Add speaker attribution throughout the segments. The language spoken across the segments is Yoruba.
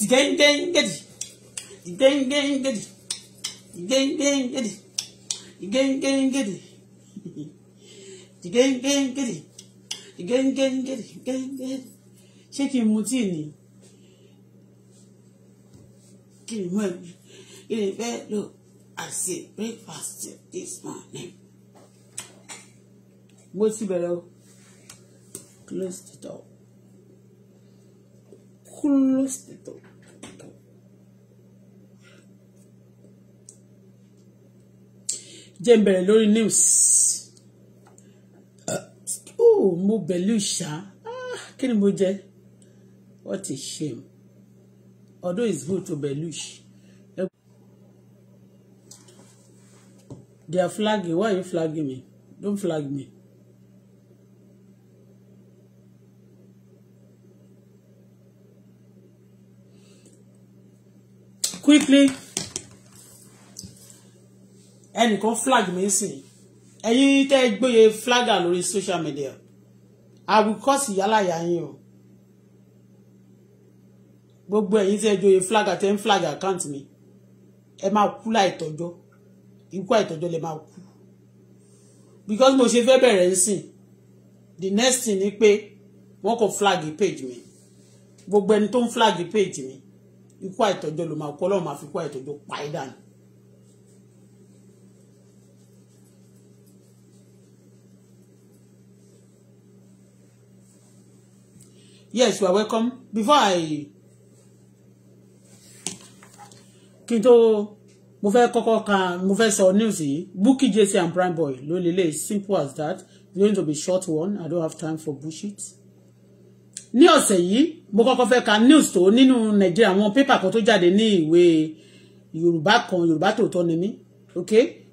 Speaker 1: dìgẹ́ngẹ́ngẹ́dì dìgẹ́ngẹ́ngẹ́dì dìgẹ́ngẹ́ngẹ́dì dìgẹ́ngẹ́ngẹ́dì dìgẹ́ngẹ́ngẹ́dì dìgẹ́ngẹ́ngẹ́dì dìgẹ́ngẹ́ngẹ́dì ṣé kí n mu tíì ni kí n mọ ẹbí kí n fẹ́ lò àṣẹ breakfast this morning. mo ti bẹ̀rẹ̀ o close the door close the door. jẹ́ n bẹ̀rẹ̀ lórí news oh mo bẹ̀lú ìṣá ah, kí ni mo jẹ́ what a shame although it's good to Belushi they are flagging why are you flagging me don't flag me. quickly ẹnìkan flag mi sìn ẹ̀yin tẹ́ gbóye flagger lórí social media àwùkọ́sì yálà yà yín o gbogbo ẹ̀yin tẹ́ gbóye flagger tẹ́ ń flag account mi ẹ máa kú láìtọ́jọ́ ikú àìtọ́jọ́ lè máa kú because mo ṣe fẹ́ bẹ̀rẹ̀ ń sìn the next thing ni pé wọ́n kò flag page mi gbogbo ẹni tó ń flag page mi ikú àìtọ́jọ́ ló máa kú ọlọ́run máa fi ikú àìtọ́jọ́ pa é dànù. yes you are welcome before i kí n tó mo fẹ́ kọ́kọ́ kan mo fẹ́ sọ news yìí Bukky Jesse and PrimeBoy ló lélẹ̀ simple as that it's going to be short one i don't have time for bullshit. ní ọ̀sẹ̀ yìí mo kọ́kọ́ fẹ́ ka news tó nínú nàìjíríà àwọn pépà kan tó jáde ní ìwé yorùbá kan yorùbá tòótọ́ ni mí ok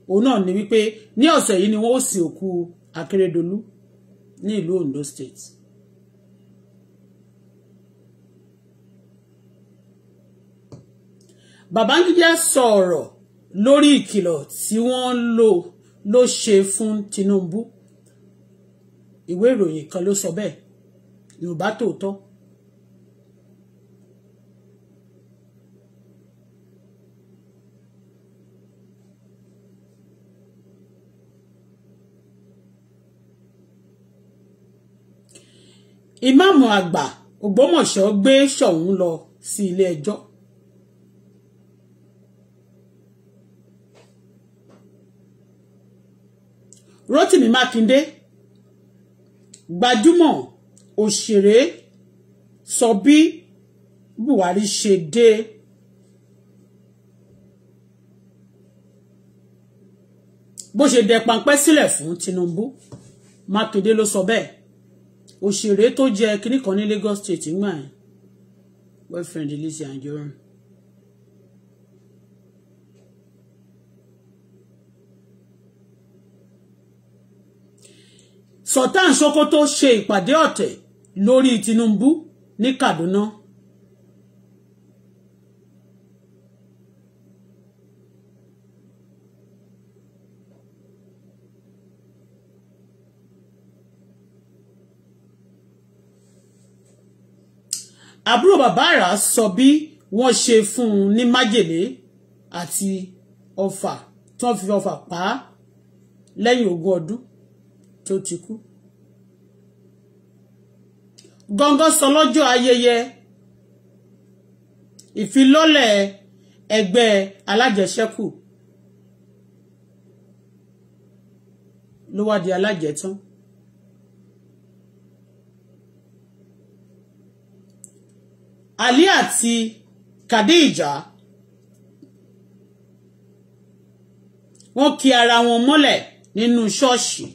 Speaker 1: òun náà ni wípé ní ọ̀sẹ̀ yìí ni wọ́n ó sin òkú akérèdọ́lù ní ìlú ondo state Babangida sọ̀rọ̀ lórí ìkìlọ̀ tí wọ́n lò ló ṣe fún Tinubu ìwé ìròyìn kan ló sọ bẹ́ẹ̀ Yorùbá Tòótọ́. ìmáàmù àgbà Ògbómọ̀ṣọ́ gbé Ṣọ̀ún lọ sí ilé ẹjọ́ Rotimi Makinde gbajúmọ̀ òṣèré sọ bí Buhari ṣe dé bó ṣe dẹ pańpẹ́ sílẹ̀ fún Tinubu Makinde ló sọ bẹ́ẹ̀ òṣèré tó jẹ kinní kan ní Lagos State ńgbà yẹn boyfriend Lizzy Anjorin. Sultan Sokoto ṣe ìpàdé ọ̀tẹ̀ lórí Tinubu ní Kaduna àbúrò bàbá àrà sọ bí wọ́n ṣe fún un ní májèlé àti ọfà tí wọ́n fi ọfà pa á lẹ́yìn ogún ọdún tó ti kú gangan sọ lọ́jọ́ ayẹyẹ ìfilọ́lẹ̀ ẹgbẹ́ alájẹṣẹ́kù ló wá di alájẹtán Ali àti Khadija wọ́n kì ara wọn mọ́lẹ̀ nínú ṣọ́ọ̀ṣì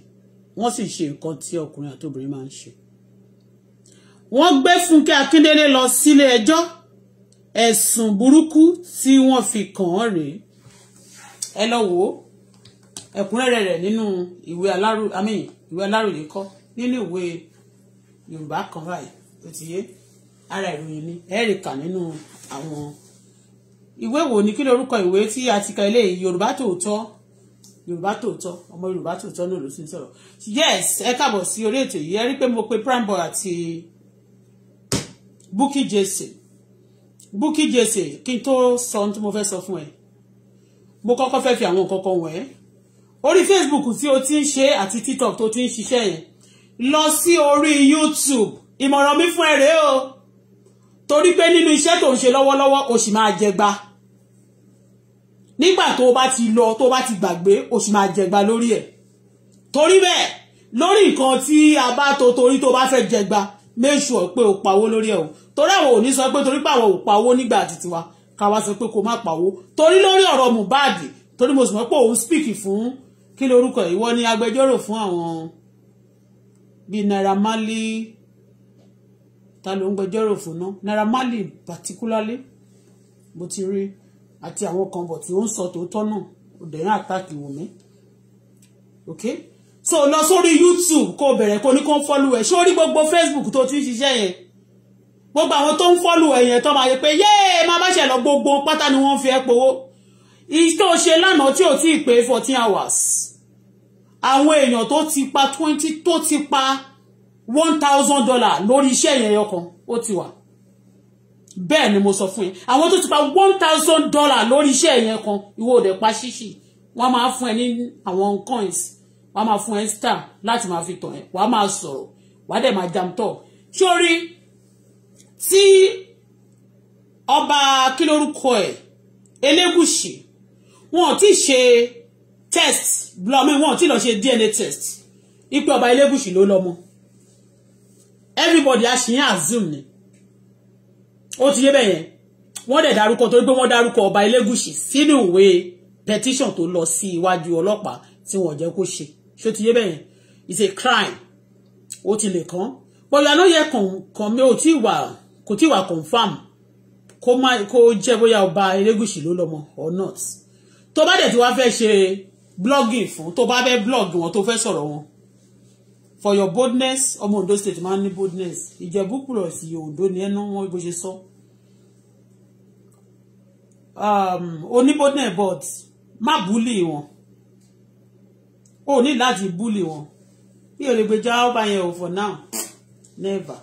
Speaker 1: wọ́n sì ṣe nǹkan tí ọkùnrin àti obìnrin máa ń ṣe wọ́n gbé Fúnkẹ́ Akíndélé lọ sílé ẹjọ́ ẹ̀sùn burúkú tí wọ́n fi kàn án rèé ẹ lọ wò ó ẹ̀kúnrẹ́rẹ́ rẹ̀ nínú ìwé alárò àmì ìwé aláròyé kọ nínú ìwé Yorùbá kan báyìí ó ti yé ara ìròyìn ni ẹ rí kà nínú àwọn ìwé wo ni kí lórúkọ ìwé tí a ti ka ilé Yorùbá Tòótọ́ yorùbá tòótọ́ ọmọ yorùbá tòótọ́ náà ló ti ń sọ̀rọ̀ yes ẹ káàbọ̀ sí orí ètò yìí ẹ rí pé mo pe Primeboy àti Bukky Jesse Bukky Jesse kí n tó sọ ohun tí mo fẹ́ sọ fún ẹ mo kọ́kọ́ fẹ́ fi àwọn nǹkan kan wẹ̀ ẹ́ orí Facebook tí o ti ń ṣe àti TikTok tó ti ń ṣiṣẹ́ yẹn lọ sí orí YouTube ìmọ̀ràn mi fún ẹ rèé o torí pé nínú iṣẹ́ tó ń ṣe lọ́wọ́lọ́wọ́ o sì máa jẹ gba nígbà tó o bá ti lọ tó o bá ti gbàgbé o sì máa jẹgba lórí ẹ̀ torí bẹ́ẹ̀ lórí nǹkan tí a bá to torí tó o bá fẹ́ jẹgba make sure pé o pawó lórí ẹ̀ o torí àwọn ò ní sọ pé torí pé ò pawó nígbà títí wa ká wá sọ pé kó má pawó torí lórí ọ̀rọ̀ Mohbad torí mo sì mọ̀ pé òun speak fún kí lorúkọ ìwọ ni agbẹjọ́rò fún àwọn bíi Naira Marley ta ló ń gbẹjọ́rò fún náà Naira Marley particularly bó ti rí àti àwọn kan bọ̀ tí ó ń sọ tòótọ́ náà obìnrin àtàkì wò mí ok so lọ sórí youtube kó o bẹ̀rẹ̀ kó o ní kó ń fọ́lù ẹ̀ ṣé o rí gbogbo facebook tó ti ń ṣiṣẹ́ yẹn gbogbo àwọn tó ń fọ́lù ẹ̀ yẹn tó máa yẹ pé yéè má bá ṣẹlọ gbogbo pátá ni wọ́n fi ẹ́ powó ìtò ṣe lánàá tí ò tí ì fourteen hours àwọn èèyàn tó ti pa twenty tó ti pa one thousand dollar lórí iṣẹ́ yẹn yọkan ó ti wà bẹ́ẹ̀ ni mo sọ fún yín àwọn tó ti pa one thousand dollar lórí iṣẹ́ yẹn kan ìwọ òde pa ṣíṣì wọ́n máa fún ẹ ní àwọn coins wọ́n máa fún ẹ star láti máa fi tàn ẹ́ wàá máa sọ̀rọ̀ wàá dẹ̀ máa jam tọ̀ sórí tí ọba kí lórúkọ ẹ̀ Elégùṣì wọn ò tí ì ṣe test blood mi wọn ò tí ì lọ ṣe DNA test ipe ọba Elégùṣì ló lọ́mọ everybody a ṣì ń assume ni ó ti yé bẹ́ẹ̀ yẹn wọ́n dẹ̀ dárúkọ torí pé wọ́n dárúkọ ọba Elégùṣì sínú ìwé petition tó lọ sí iwájú ọlọ́pàá tí wọ́n jẹ́ kó ṣe ṣó ti yé bẹ́ẹ̀ yẹn it's a crime ó ti lè kàn bọ́lá ló yẹ kàn mí ò tí wà kò tí wà confam kó má kó jẹ́ bóyá ọba Elégùṣì ló lọ́mọ or not tó bá dẹ̀ tí wàá fẹ́ ṣe blogging fún tó bá fẹ́ blog wọn tó fẹ́ sọ̀rọ̀ wọn for your boldness ọmọ Ondo state máa ń ní boldness Ìjẹ̀bú kúrò sí Ondo ni ẹnu wọn bó ṣe sọ um, oní boldness but má búlì wọn o ní láti búlì wọn bí o lè gbèjà ọba yẹn o for now never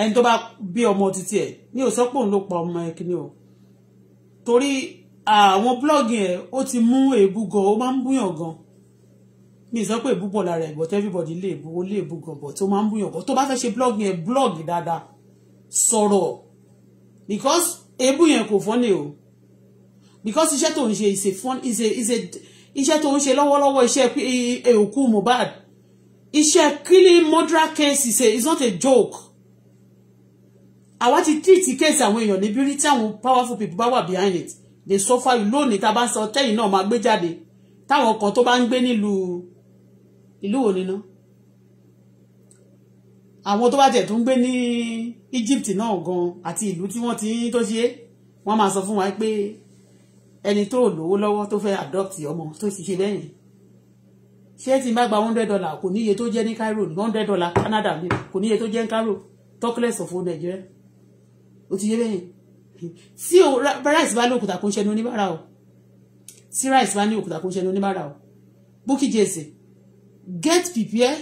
Speaker 1: ẹni tó bá bí ọmọ títí ẹ mi ò sọ pé òun ló pa ọmọ ẹ kí ni o torí ah, àwọn blọọgì ẹ ó ti mú èébú gan ó máa ń búyàn gan mi sọ pé èébú pọ̀ lára ẹ̀ but everybody lè bu ó lè bu gan but ó máa ń búyàn gan tó bá fẹ́ ṣe blog yẹn blog dáadáa sọ̀rọ̀ because èébú yẹn kò fọ́nì o because iṣẹ́ tó ń ṣe ìṣe fún ìṣe ìṣe iṣẹ́ tó ń ṣe lọ́wọ́lọ́wọ́ iṣẹ́ e òkú Mohbad iṣẹ́ killing murder case ìṣe is not a joke àwa ti treat case àwọn èèyàn níbi rí tí àwọn powerful people bá wà behind it they suffer lónìí tá a bá sọ tẹ́yìn náà máa gbé jáde táwọn kan tó bá ń gbé nílùú ìlú wo ni ná àwọn tó bá tẹ̀ tó ń gbé ní Egypt náà gan àti ìlú tí wọ́n ti ń tó ṣe wọ́n máa sọ fún wa pé ẹni tó lówó lọ́wọ́ tó fẹ́ adopt ọmọ tó ti ṣe bẹ́yìn ṣé tí bá gba hundred dollar kò níye tó jẹ́ ní Cairo ní hundred dollar Canada mi kò níye tó jẹ́ ní Cairo talkless of old Nigeria ó ti yé bẹ́yìn tí o rice bá ní òkúta kó ń ṣẹnu oníbàárà o tí rice bá ní òkúta kó ń ṣẹnu oníbàárà o Bukky Jesse get prepared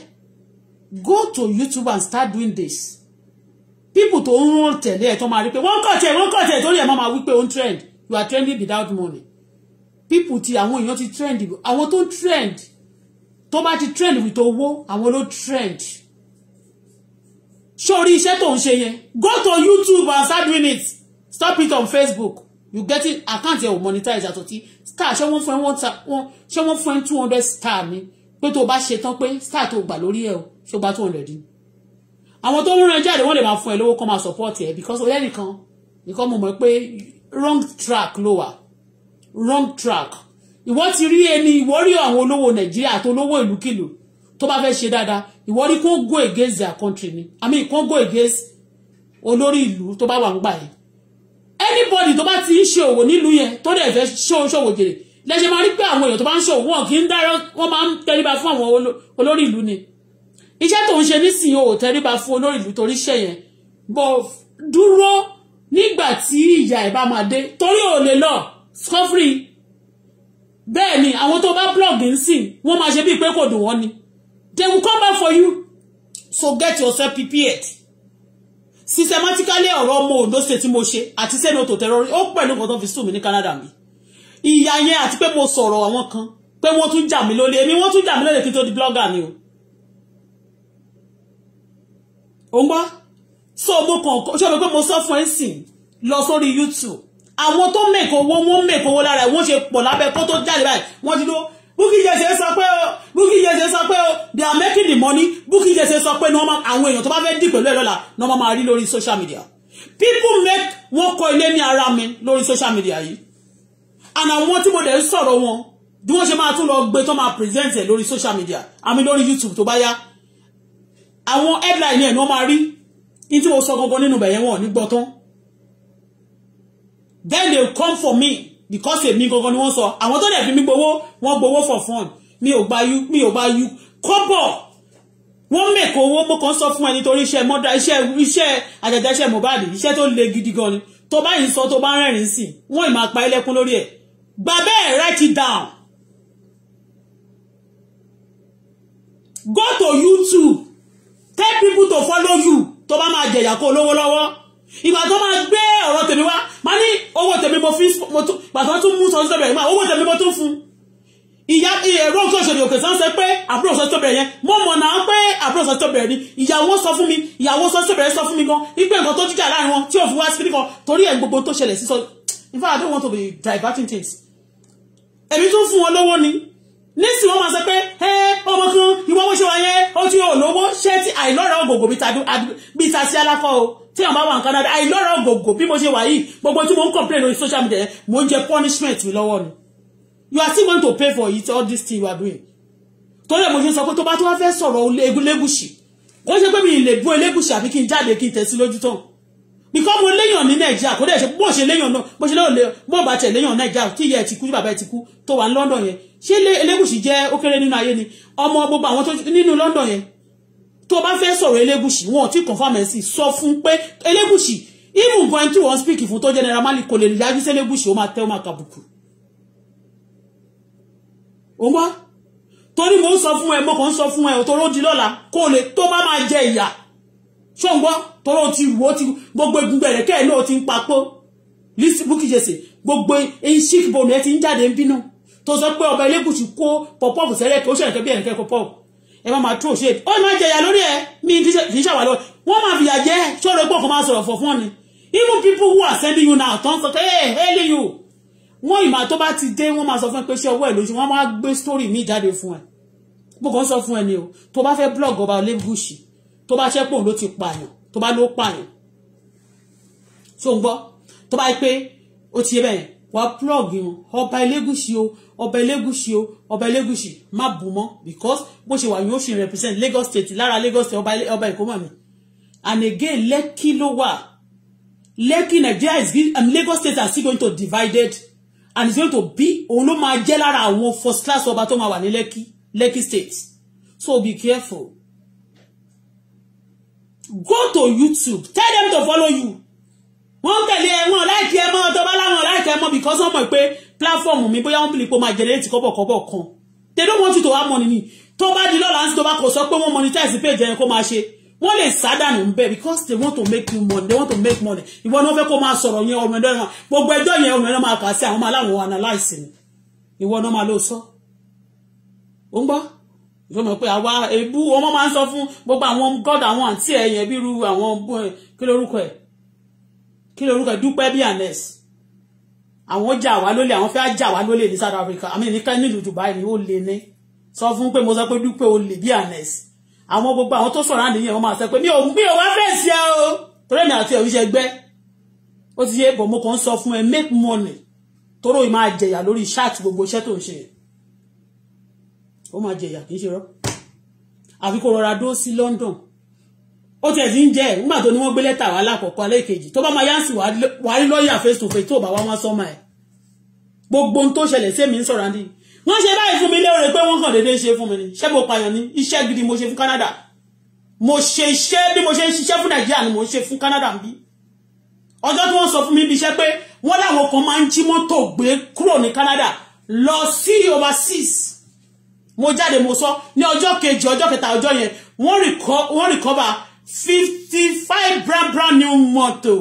Speaker 1: go to YouTube and start doing this people tó ń wọ́n tẹ̀lé ẹ̀ tó máa rí pé wọ́n kọ̀ tẹ̀ wọ́n kọ̀ tẹ̀ torí ẹ̀ máa máa wí pé trend you are trending without money people ti àwọn èèyàn ti trend àwọn tó ń trend tó bá ti trend with owó àwọn ló trend sórí iṣẹ́ tó ń ṣe go to YouTube and start doing it stop it on Facebook you get it account yẹn ò monetize àtọ̀tí star ṣé wọ́n fún ẹ one ṣé wọ́n fún ẹ two hundred star ni pé tó o bá ṣe tán pé star tó o gbà lórí ẹ o ṣé o gbà tó o lẹ̀ dín àwọn tó ń rán jáde wọ́n lè máa fún ẹ lówó kán máa support ẹ because olè nìkan nìkan mo mọ̀ pé wrong track ló wà wrong track ìwọ ti rí ẹni ìwọ rí àwọn olówó nàìjíríà àti olówó ìlúkìlú tó bá fẹ́ ṣe dáadáa ìwọ rí kó go against their country ni i mean kó go against olórí ìlú tó bá wà ń gbà yẹn anybody tó bá ti ń ṣe òwò nílùú yẹn tó dẹ̀ fẹ́ ṣòwò lẹ́sẹ̀ máa rí pé àwọn èèyàn tó bá ń ṣòwò wọn kì í dára wọ́n máa ń tẹríba fún àwọn olórí ìlú ni iṣẹ́ tó ń ṣe nísìnyí ò tẹríba fún olórí ìlú torí iṣẹ́ yẹn bọ̀ dúró nígbà tí ìyá ẹ̀ bá máa dé torí ò lè lọ scoffery bẹ́ẹ̀ ni àwọn tó bá blog ń sìn wọ́n máa ṣe bíi pé kò dùn wọ́n ni they will come back for you so get yourself prepared systematically ọ̀rọ̀ ọmọ Ondo State tí mo ṣe àti sẹ́nu tó tẹ̀rọ ó pẹ̀lú nǹkan tó fi sùn mí ní Canada mi ìyá yẹn àti pé mo sọ̀rọ̀ àwọn kan pé wọ́n tún jà mí lólè èmi wọ́n tún jà mí lólè kí n tó di blogger mi o ò ń gbọ́ so mo kàn ṣé o pé mo sọ fún ẹ sìn lọ sórí YouTube àwọn tó mẹ̀kọ́ owó wọ́n mẹ̀kọ́ owó lára ẹ̀ wọ́n ṣe pọ̀ lábẹ́ kó tó jáde báyìí wọ́n ti dó Bukky Jesse sọ pé o Bukky Jesse sọ pé o they are making the money Bukky Jesse sọ pé àwọn èèyàn tó bá fẹ́ dì pẹ̀lú ẹ̀ lọ́la ni wọ́n máa rí lórí social media people make wọ́n kọ́ ilé ní ara mi lórí social media yìí and àwọn tí mo dẹ̀ ń sọ̀rọ̀ wọn bí wọ́n ṣe máa tún lọ gbé tó máa present ẹ̀ lórí social media àmì lórí YouTube tó bá yá àwọn headline ẹ̀ ni wọ́n máa rí ní tí mo sọ gangan nínú bẹ̀yẹn wọn ò ní gbọ́ tán then they come for me because èmi gangan ni wọ́n sọ àwọn tó dẹ̀ fi mí gbowó wọ́n gbowó for fun mi ò gba yú mi ò gba yú kọ́bọ̀ wọ́n mẹ̀kọ́ owó mo kàn sọ fún ẹ nítorí iṣẹ́ mọ́dà iṣẹ́ iṣẹ́ àjàjà iṣẹ́ Mohbad iṣẹ́ tó le gidi gan ni tó bá yìí sọ tó bá rẹ́rìn-ín sí wọ́n ì máa pa ẹlẹ́kún lórí ẹ̀ Bàbá ẹ̀ write it down. Go to YouTube. Tell people to follow you. Tó bá máa jẹ̀yà kó lówó lọ́wọ́. Ìgbà tó máa gbé ọ̀rọ̀ tèmi wá. Má ní owó tèmi mo fi mo tún gbàtọ́ tún mú sọ́sọ́ bẹ̀rẹ̀ máa owó tèmi mo tún fún. Ìyá ẹ̀rọ nǹkan ìṣòro òkè sáńsẹ pé àbúrò sọ́sọ́ bẹ̀rẹ̀ yẹn. Mo mọ̀ náà pé àbúrò sọ́sọ́ bẹ̀rẹ̀ ni. Ìyàwó sọ fún mi. Ìyàwó sọ́sọ́ bẹ̀rẹ̀ sọ fún mi gan. Ipe nǹkan tó jíjà láàrin wọn tí òfin wá sí níkan torí ẹ̀ gbogbo tó ṣẹlẹ̀ sí in fact I don't want to be diverting things èmi tún fún wọn lówó ni nísì wọn máa sọ pé ẹ ọmọ kan ìwọ wọn ṣe wá yẹn ó ti ò lówó ṣé tí àìlọ́ra ògògò bíi ta sí alákọ o tí àwọn bá wà ní Canada àìlọ́ra ògògò bí mo ṣe wà yìí gbogbo tí mo ń complain lórí social media mo ń jẹ punishment mi lọ́wọ́ ni you are still going to pay for it all this thing you are doing torí ẹ̀ mo ṣe sọ pé tó bá tó bá fẹ́ sọ̀rọ̀ Elégùṣì kó ṣe pé mi ì lè bú Elégùṣì àbí kí n jáde kí n tẹ̀sí lójú tán because mo léyàn ní nàìjíríà kò dẹ̀ ṣe bó ṣe léyàn náà bó ṣe léyàn lé bó bá tẹ̀ léyàn nàìjíríà tí ìyá ẹ̀ ti kú tí bàbá ẹ̀ ti kú tó wà ní London yẹn ṣé Elégùṣì jẹ́ ó kéré nínú ayé ni ọmọ gbogbo àwọn tó nínú London yẹn tó bá fẹ́ sọ̀rọ̀ Elégùṣì wọn ò tí confam ẹ̀ sì sọ fún pé Elégùṣì even going through one speak fún tó jẹ́ Naira Marley kò lè yájú sí Elégùṣì ó máa tẹ́ ó máa kàbùkù. ó wá torí mo ń sọ fún ẹ mo kàn ń sọ fún ẹ òtòrò di lọ́la kó lè tó bá máa jẹ ìyà ṣọ́ngbọ́n tọ́rọ ti wò ó ti gbogbo egungun ẹ̀rẹ̀kẹ́ ẹ̀ náà ti ń papó Bukky Jesse gbogbo eyín ṣíkìbọnù ẹ ti ń jáde ń bínú tó sọ pé ọba Elégùṣì kó pọ̀pọ́ọ̀bù sẹ́rẹ̀ kí ó ṣe ẹ̀kẹ́ bí ẹ̀kẹ́ pọ̀pọ́ọ̀bù ẹ má máa tó ṣe ó máa jẹyà lórí ẹ mi kì í ṣàwà lọ wọn máa fìyà jẹ ṣọ́ọ̀rọ̀ pọ̀ kan máa sọ̀rọ̀ fọ̀ fún ọ ni even people who are sending you now tán sọ pé ẹ ẹ lè yù wọn ìmọ̀ tó bá ti dé wọn máa sọ fún ẹ pé ṣé ọwọ́ ẹ lóṣù wọn máa gbé story mi jáde fún ẹ bó kàn sọ fún ẹ ni o tó bá fẹ́ blog ọba Elégùṣì tó bá ṣẹ́pọ̀ ló ti pààyàn tó bá ló pààyàn tó ń gbọ́ tó bá yẹ pé ó ti yẹ bẹ́ẹ̀ wàá plug wọn ọba elégùsì o ọba elégùsì o ọba elégùsì má bù mọ́ because bó ṣe wà yóò ṣe represent Lagos state lára Lagos state ọba Èkó mọ̀ mi and again Lekki ló wà Lekki Nigeria is um, Lagos state are still going to divided and it's going to be òun ló máa jẹ́ lára àwọn first class ọba tó máa wà ní Lekki Lekki state so be careful go to YouTube tell them to follow you wọ́n tẹ̀lé ẹ wọ́n láìkí ẹ mọ́ ọtọ́ bá láwọn láìkí ẹ mọ́ because wọ́n mọ̀ pé platform mi bóyá wọ́n bìlì pé máa generate kọ́bọ̀kọ́bọ̀ kan they don't want you to have money ni tó bá di lọ́la ńsí tó bá kò sọ pé wọ́n monetize page ẹ̀yẹn kó máa ṣe wọ́n lè sádànù ń because they want to make you money they want to make money ìwọ ni wọ́n fẹ́ kó máa sọ̀rọ̀ yẹn ọmọ ẹ̀dọ́ náà gbogbo ẹjọ́ yẹn ọmọ ẹ̀dọ́ máa kà sí àwọn aláwọ̀ analyse ni ìwọ ni wọ́n máa lọ sọ ó ń gbọ́ ìfẹ́ mọ̀ pé àwa èébú ọmọ máa ń sọ fún gbogbo àwọn god àwọn àǹtí ẹ̀ yẹn bíru àwọn kí lorúkọ ẹ̀ kí lorúkọ ẹ̀ dúpẹ́ bí anes àwọn jà wá lólè àwọn fẹ́ jà wá lólè ní South Africa àmì nìkan nílùú Dubai ni ó lè ní sọ fún pé mo sọ pé dúpẹ́ ó lè bí anes àwọn gbogbo àwọn tó sọ̀rọ̀ àníyàn wọn máa sọ pé mi ò mi ò wá fèsì ẹ o torí èmi àti ẹ̀rù ṣe gbẹ́ ó ti yé bọ̀ mo kàn ń sọ fún ẹ make money toró ì máa jẹ̀yà lórí ṣáàtì gbogbo iṣẹ́ tó ń ṣe yẹn ó máa jẹ̀yà kì í ṣe rọ́ àfi kó rọra dó sí London ó tiẹ̀ ti ń jẹ́ ẹ̀ nígbà tó ní wọ́n gbé lẹ́tà wá lákọ̀ọ́kọ́ alẹ́ ìkejì tó bá máa yáǹsì wà á lọ́ọ̀yà face to face tó bá wá wọ́n sọ́mà ẹ̀ gbogbo ohun tó ṣẹlẹ̀ sí èmi ń sọ̀rọ̀ àndí wọ́n ṣe báyìí fún mi léore pé wọ́n kàn déédéé ṣe fún mi ni ṣé mo pààyàn ni iṣẹ́ gidi mo ṣe fún Canada mo ṣe iṣẹ́ bí mo ṣe ń ṣiṣẹ́ fún Nàìjíríà ni mo ń ṣe fún Canada ń bí ọjọ́ tí wọ́n sọ fún mi bí iṣẹ́ pé wọ́n láwọn kan máa ń jí mọ́tò gbé kúrò ní Canada lọ sí overseas mo jáde mo sọ ní ọjọ́ kejì ọjọ́ kẹta ọjọ́ yẹn wọ́n recover fifty five brand brand new moto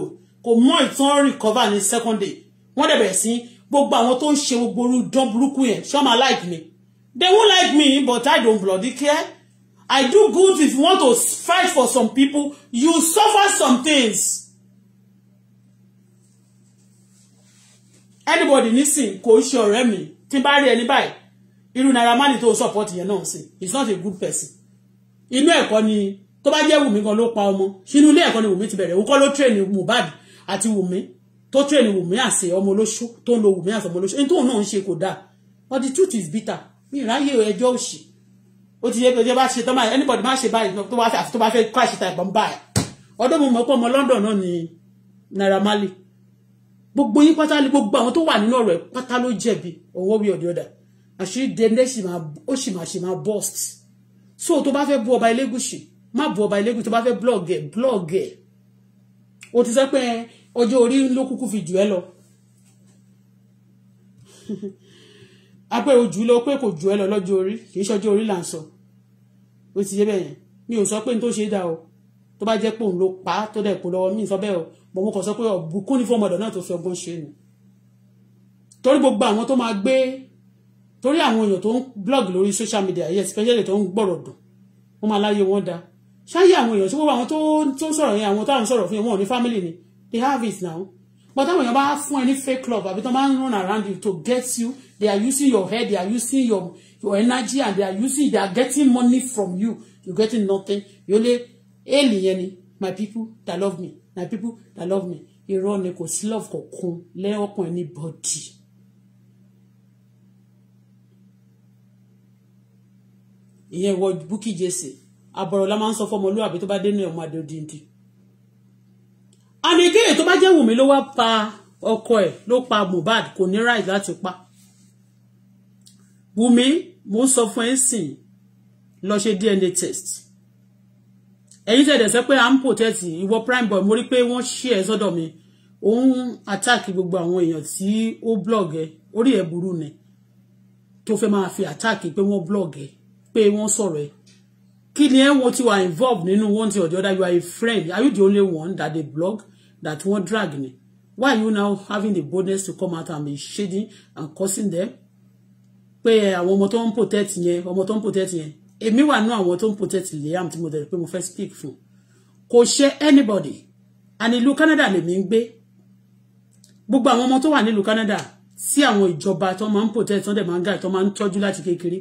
Speaker 1: kò mọ ìtàn recover ní second day wọ́n dẹ̀ bẹ̀rẹ̀ sí gbogbo àwọn tó ń ṣe gbogbo orú dán burúkú yẹn ṣọ́mà like me they won't like me but I don't bloody care I do good if you want to fight for some people you suffer some things. anybody nísìn kò ń ṣe ọ̀rẹ́ mi tí n bá rí ẹni báyìí irú Naira Marley tó support yẹn náà sìn he's not a good person inú ẹ̀kọ́ ni tó bá jẹ́ Wùmí gan ló pa ọmọ sínú ilé ẹ̀kọ́ ni Wùmí ti bẹ̀rẹ̀ òun kọ́ ló train Mohbad àti Wùmí tó train Wùmí àṣẹ ọmọ olóṣó tó ń lo Wùmí àṣẹ ọmọ olóṣó ẹni tóun náà ń ṣe kò dáa but the truth is bitter mi ìráyè ẹjọ́ òṣì ó ti yẹ pé ọjọ́ bá ṣe tán báyìí anybody má ṣe báyìí tó bá fẹ́ àfi tó bá fẹ́ crash ta ìbọn báyìí ọdún mo mọ̀ pé ọmọ London náà ni Naira Marley gbogbo yín pátá ni gbogbo àwọn tó wà nínú ọ̀rọ̀ ẹ̀ pátá ló jẹ̀bi òun ó wí ọ̀dẹ̀ ọ̀dà àṣírí dẹ́ndẹ́ ó sì máa ṣe máa burst so tó bá fẹ́ bú ọba Elégùṣì má bú ọba Elégùṣì tó bá fẹ́ blog ẹ̀ blog ẹ̀ o ti sọ pé ọjọ́ orí ló kúkú fi jù ẹ́ lọ apẹ́ ojú lọ pé kò jù ẹ́ lọ lọ́jọ́ orí kì í ṣọjọ́ orí là ń sọ o ti yé bẹ́ẹ̀ yẹn mi ò sọ pé n tó ṣe é dá o tó bá jẹ́ pé òun ló pa á tó dẹ̀ kó lọ́wọ́ mi sọ bẹ́ẹ̀ o bọ̀ mo kàn sọ pé ọ̀bùkún ní fọmọdọ̀ náà tó fi ọgbọ́n ṣe nù torí gbogbo àwọn tó máa gbé torí àwọn èèyàn tó ń blog lórí social media yẹn especially tó ń gbọ́rọ̀ dùn wọ́n máa láyé wọn dá ṣáyé àwọn èèyàn tí wọ́n àwọn tó ń sọ̀rọ̀ yẹn àwọn táwọn sọ̀rọ̀ fún yẹn wọn ò ní family ni they have it now but táwọn èèyàn bá fún ẹ ní fake club àbí tó máa ń run around you to get you they are using your head they are using your your energy and they are using they are getting money from you you getting nothing you only èlì yẹn ni my people that love me my people that love me irọ́ ni kò sí love kọ̀ọ̀kan lẹ́ọ̀kan anybody. ìyẹn wọ Bukky Jesse àbọ̀rọ̀ la máa ń sọ fọmọlúwàbí tó bá dénú ẹ̀ ọmọ adédìndì àníkéyè tó bá jẹ́ Wùmí ló wá pa ọkọ ẹ̀ ló pa Mohbad kò ní right láti pa Wùmí mo ń sọ fún ẹ sìn lọ ṣe DNA test ẹ̀yin tẹ̀dẹ̀ sẹ́ pé à ń protect ìwọ prime boy mo rí pé wọ́n ṣí ẹ sọ́dọ̀ mi òun attack gbogbo àwọn èèyàn tí ó blog ẹ orí ẹ burú ni tó fẹ́ máa fi attack pé wọ́n blog ẹ pé wọ́n sọ̀rọ̀ ẹ̀ kí ni ẹ̀ wọ́n ti wà involved nínú one thing or the other you are a friend are you the only one that dey blog that wọ́n drag ni why are you now having the boldness to come out and be shading and cursing them pé àwọn ọmọ tó ń protect yẹn ọmọ tó ń protect yẹn èmi wà nú àwọn tó ń protect Liam tí mo tẹ̀lé pé mo fẹ́ speak fún kò ṣe anybody and ìlú Canada lèmi ń gbé gbogbo àwọn ọmọ tó wà nílùú Canada sí àwọn ìjọba tó máa ń protect tó dẹ̀ máa ń guide tó máa ń tọ́jú láti kékeré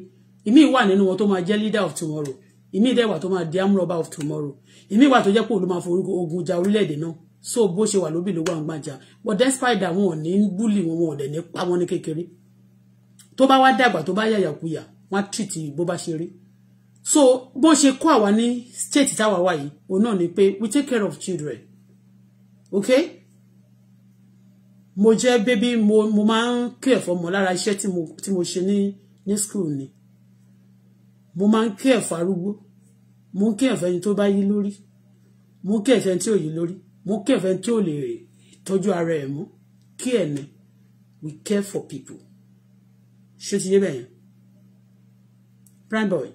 Speaker 1: ìmí wà nínú wọn tó máa jẹ́ leader of tomorrow ìmí dẹ̀ wà tó máa di amúrọ̀bá of tomorrow ìmí wà tó jẹ́ pé olùmọ̀ àforúkọ ogun ja orílẹ̀-èdè náà so bó ṣe wà lóbì ló wà ń gbàjà but despite that wọn ò ní búlì wọn wọn ò dẹ̀ ní pa wọn ní kékeré tó bá wá dàgbà tó bá yàyàkuyà wọn á treat bó bá ṣe rí so bó ṣe kó àwa ní state táwa wà yìí òun náà ni pé we take care of children okay mo jẹ́ baby mo mo máa ń care fọmọ lára iṣẹ́ tí mo tí ṣe ní ní school ni mo máa ń kí ẹ̀fọ́ arúgbó mo ń kí ẹ̀fọ́ ẹni tó bá yí lórí mo ń kí ẹ̀fọ́ ẹni tí ò yí lórí mo ń kí ẹ̀fọ́ ẹni tí ò lè tọ́jú ara ẹ̀ mọ́ kí ẹ̀ we care for people ṣé ti yé bẹ́ẹ̀ prime boy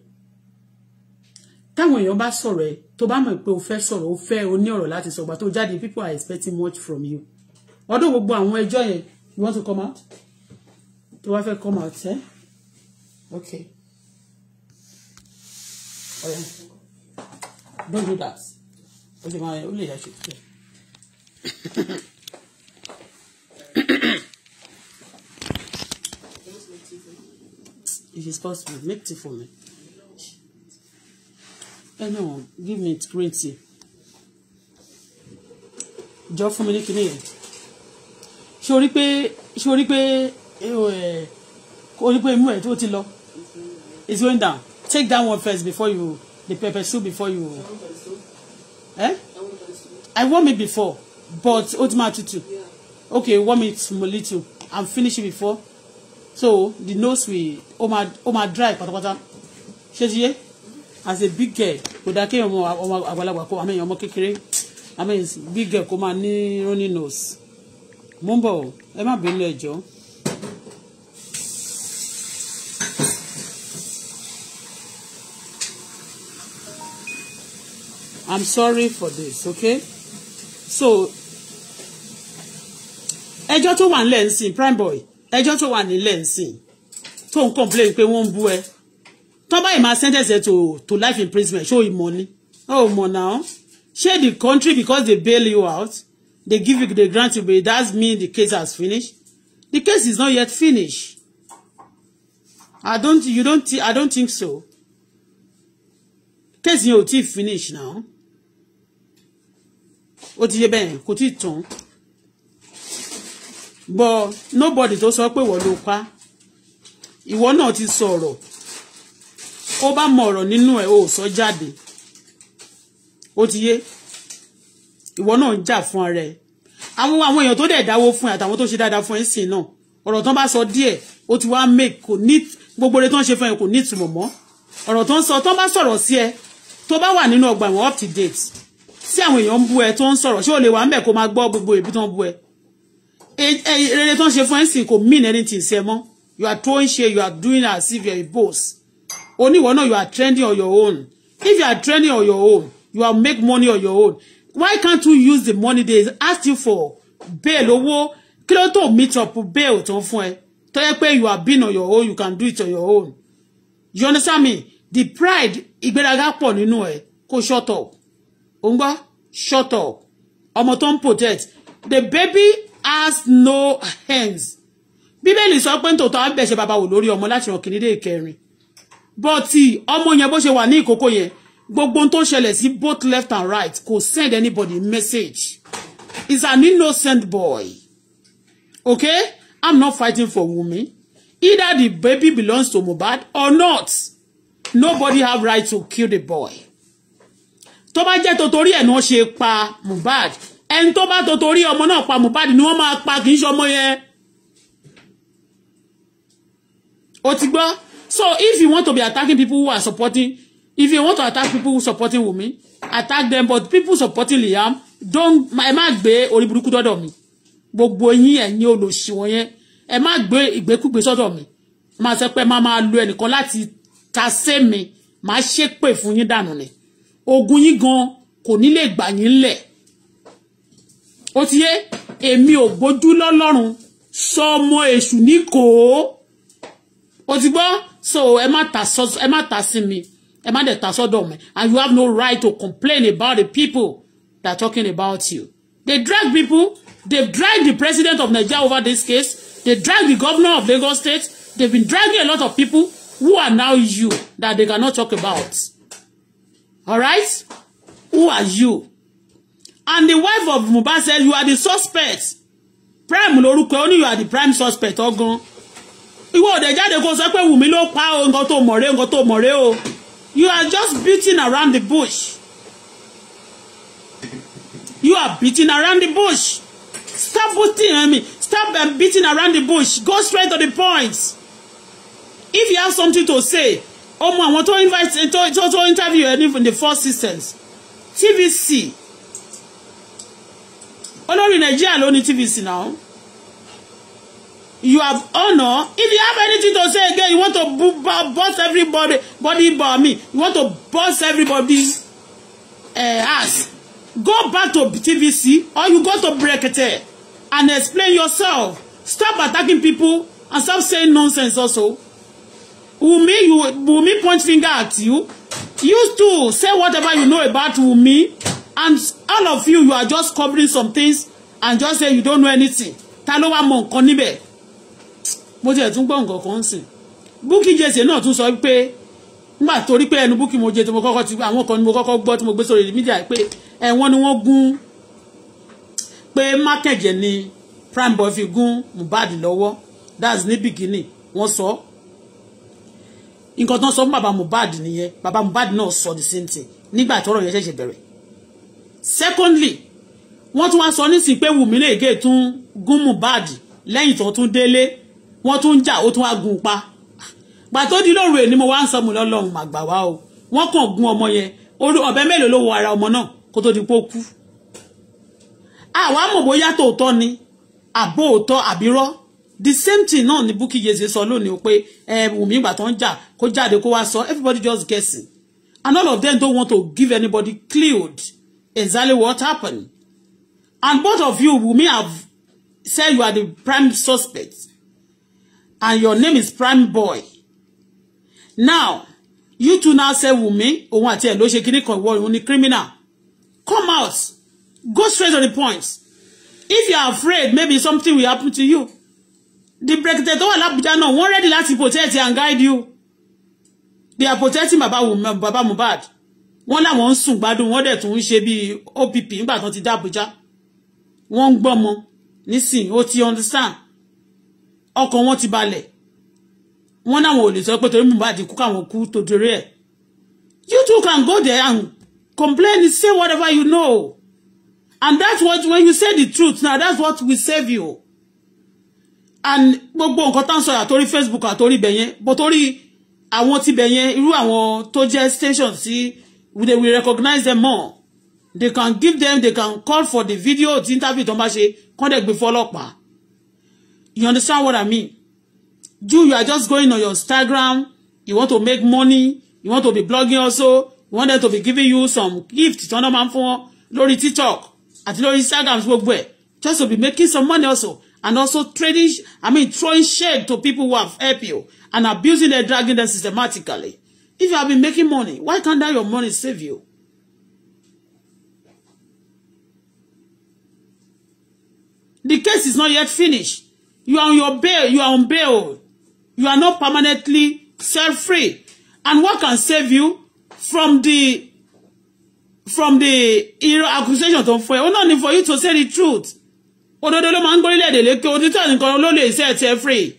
Speaker 1: táwọn èèyàn bá sọ̀rọ̀ ẹ tó bá mọ̀ pé o fẹ́ sọ̀rọ̀ o fẹ́ o ní ọ̀rọ̀ láti sọ̀gbà tó jáde people are expecting much from you ọdún gbogbo àwọn ẹjọ́ yẹn you want to come out tó wá fẹ́ come out ẹ́ eh? okay ọ̀rẹ́ don't do that Okay, my only ó lè yá if it's possible make tea for me anyone eh, give me it green tea jọ fún mi ní kinní yẹn ṣé o rí pé ṣé o rí pé eh, eh, o rí pé imú it's going down take that one first before you the pepper soup before you. Eh? I want it before but ó ti máa Okay, warm it a little I'm finishing before so the nose we ó máa ó máa dry pátápátá ṣé ti as a big girl kò dáa kéèyàn ọmọ ọmọ àgbàlagbà kó àmì ọmọ kékeré àmì big girl kó máa running nose mo ń bọ̀ ẹ má I'm sorry for this, okay? So, ẹjọ́ tó wà nílẹ̀ ń prime boy ẹjọ́ tó wà nílẹ̀ ń tó ń complain pé wọ́n ń bú ẹ tó báyìí sentence to to life imprisonment ṣó ìmọ̀ ni ó mọ̀ náà ṣé the country because they bail you out they give you the grant you bail that mean the case has finished the case is not yet finished I don't you don't I don't think so case yẹn ò tí finish now ó ti yé bẹ́ẹ̀ kò tí ì tán bọ́ nobody tó sọ pé ìwọ ló pa ìwọ náà ti sọ̀rọ̀ ó bá mọ ọ̀rọ̀ nínú ẹ̀ ó sọ jáde ó ti yé ìwọ náà ń jà fún ara ẹ àwọn àwọn èèyàn tó dẹ̀ dáwó fún ẹ àtàwọn tó ṣe dáadáa fún ẹ sìn náà ọ̀rọ̀ tán bá sọ díẹ̀ ó ti wá make kò ní gbogbo rẹ tó ń ṣe fún ẹ kò ní ìtumọ̀ mọ́ ọ̀rọ̀ tó ń sọ tán bá sọ̀rọ̀ sí ẹ tó bá wà nínú ọgbà ẹ̀wọ̀n up to date tí àwọn èèyàn ń bú ẹ tó ń sọ̀rọ̀ ṣé o lè wà ń bẹ̀ kó máa gbọ́ gbogbo ìbí tó ń bú ẹ e, e, rere tó ń ṣe fún ẹ kò mean anything sí ẹ you are throwing share you are doing as if you are a boss oníwọ̀ náà you are trending on your own if you are trending on your own you are make money on your own why can't you use the money they ask you for bail owó kí ló tó meet up bail tó ń fún ẹ tó yẹ pé you are being on your own you can do it on your own you understand me the pride ìgbéraga pọ̀ nínú ẹ kó shut up ò shut up ọmọ tó ń protect the baby has no hands bíbélì sọ pé tòótọ́ á bẹ̀ṣẹ̀ bàbá wò lórí ọmọ láti ràn kìíní dé ìkẹrin bọ́tì ọmọ yẹn bó ṣe wà ní ìkókó yẹn gbogbo ohun tó ṣẹlẹ̀ sí both left and right kò send anybody message he's an innocent boy okay i'm not fighting for Wunmi either the baby belongs to Mohbad or not nobody have right to kill the boy tó bá jẹ́ torí ẹ̀ ni wọ́n ṣe pa Mohbad ẹni tó bá torí ọmọ náà pa Mohbad ni wọ́n máa pa kì í ṣe ọmọ yẹn ó ti gbọ́ so if you want to be attacking people who are supporting if you want to attack people who are supporting Wunmi attack them but people supporting Liam don ẹ má gbé orí burúkú dọ́dọ̀ mi gbogbo yín ẹ̀yin olòṣì wọ̀nyẹn ẹ má gbé ìgbékúgbé sọ́dọ̀ mi máa sọ pé máa máa lo ẹnìkan láti ta mi máa ṣépè fún yín dànù ni ogun yín gan kò ní lè gbà yín lẹ̀ ó ti yé èmi ò gbójú lọ́lọ́run sọ ọmọ èṣù ní kò ó ó ti gbọ́ so ẹ má ta sọ ẹ má ta sí mi ẹ má dẹ̀ ta sọ́dọ̀ mi and you have no right to complain about the people that are talking about you they drag people they drag the president of Nigeria over this case they drag the governor of Lagos State they've been dragging a lot of people who are now you that they cannot talk about. All right? Who are you? And the wife of Mohbad said, you are the suspect. Prime lorúkọ ó you are the prime suspect ọgán. Ìwọ òde jáde kó sọ pé Wùmí ló pa o, nǹkan tó mọ̀ rẹ́ o, nǹkan tó mọ̀ You are just beating around the bush. You are beating around the bush. Stop beating, I mean, stop um, beating around the bush. Go straight to the point. If you have something to say, ọmọ àwọn tó invite tó tó tó interview ẹni in the four seasons, tvc olórí nàìjíríà ló ní tvc now you have honor if you have anything to say again you want to boss everybody body by me you want to boss everybody. uh, eh, ass go back to tvc or you go to brekete and explain yourself stop attacking people and stop saying nonsense also Wumi, you, Wumi point finger at you. You too, say whatever you know about Wumi. And all of you, you are just covering some things and just say you don't know anything. Ta ló wá mọ Mo tiẹ̀ tún gbọ́ nǹkan kan sìn. Búkì jẹ̀sẹ̀ náà tún sọ pe nígbà torí pé ẹnu Búkì mo jẹ tí mo kọ́kọ́ ti àwọn kan ni mo kọ́kọ́ gbọ́ tí mo gbé sórí mídíà pé ẹ̀wọ̀n ni wọ́n gún pé mákẹ̀jẹ̀ ni Primeboy fi gún Mohbad lọ́wọ́ that's ni bìkínì wọ́n sọ. So nǹkan tó ń sọ fún bàbá Mohbad nìyẹn bàbá Mohbad náà sọ the same thing nígbà tọ́rọ̀ yẹn ṣẹ̀ṣẹ̀ bẹ̀rẹ̀ secondly wọ́n tún wá sọ nísìnyí pé Wùmí Lẹ́yìnkè tún gún Mohbad lẹ́yìn tó tún délé wọ́n tún jà ó tún wá gun pa gbà tó di lóru ẹ̀ ni mo wá ń sọ mu lọ́lọ́run màgbà wá o wọ́n kàn gun ọmọ yẹn ọ̀bẹ mélòó ló wọ ara ọmọ náà kó tó di pé ó kú àwa mọ̀ bóyá tòótọ́ ni àbóòtọ́ àbírọ́ the same thing náà ni Bukky Jesse sọ lónìí o pé ẹ Wùmí ìgbà tó ń jà kó jáde kó wá sọ everybody just guessing and all of them don't want to give anybody cleared exactly what happened and both of you Wùmí have said you are the prime suspect and your name is prime boy now you two now say Wùmí òun àti ẹ̀ ló ṣe kíní kan ìwọ òun ni criminal come out go straight to the point if you are afraid maybe something will happen to you the president tó wà lábújá náà wọ́n ready láti protect and guide you they are protecting baba baba Mohbad wọ́n láwọn ń sùn gbádùn wọ́n dẹ̀ tún ń ṣe bíi opp nígbà tán ti dá àbújá wọ́n ń gbọ́mọ nísìn ó ti understand ọkàn wọn ti balẹ̀ wọ́n láwọn ò lè sọ pé torí Mohbad kú káwọn kú tó dorí ẹ̀ you too can go there and complain say whatever you know and that's what when you say the truth now that's what will save you and gbogbo nǹkan tá ń sọ àtòrí Facebook àtòrí ibẹ̀ yẹn but torí àwọn ti bẹ̀ yẹn irú àwọn tó jẹ́ station sí they will recognize them more they can give them they can call for the video the interview tó ń bá ṣe kán dẹ̀ gbé fọlọ́pàá you understand what I mean you you are just going on your Instagram you want to make money you want to be blogging also you want them to be giving you some gift tí wọ́n man, ń fún wọn lórí TikTok àti lórí Instagram gbogbo ẹ̀ just to be making some money also and also trading, I mean, throwing shade to people who have helped you and abusing them, dragging them systematically. If you have been making money, why can't that your money save you? The case is not yet finished. You are on your bail. You are on bail. You are not permanently set free. And what can save you from the from the accusation to for you? Only for you to say the truth òdodo ló máa ń gbórílẹ̀ èdè lékè òtítọ́ nìkan ló lè set ẹ free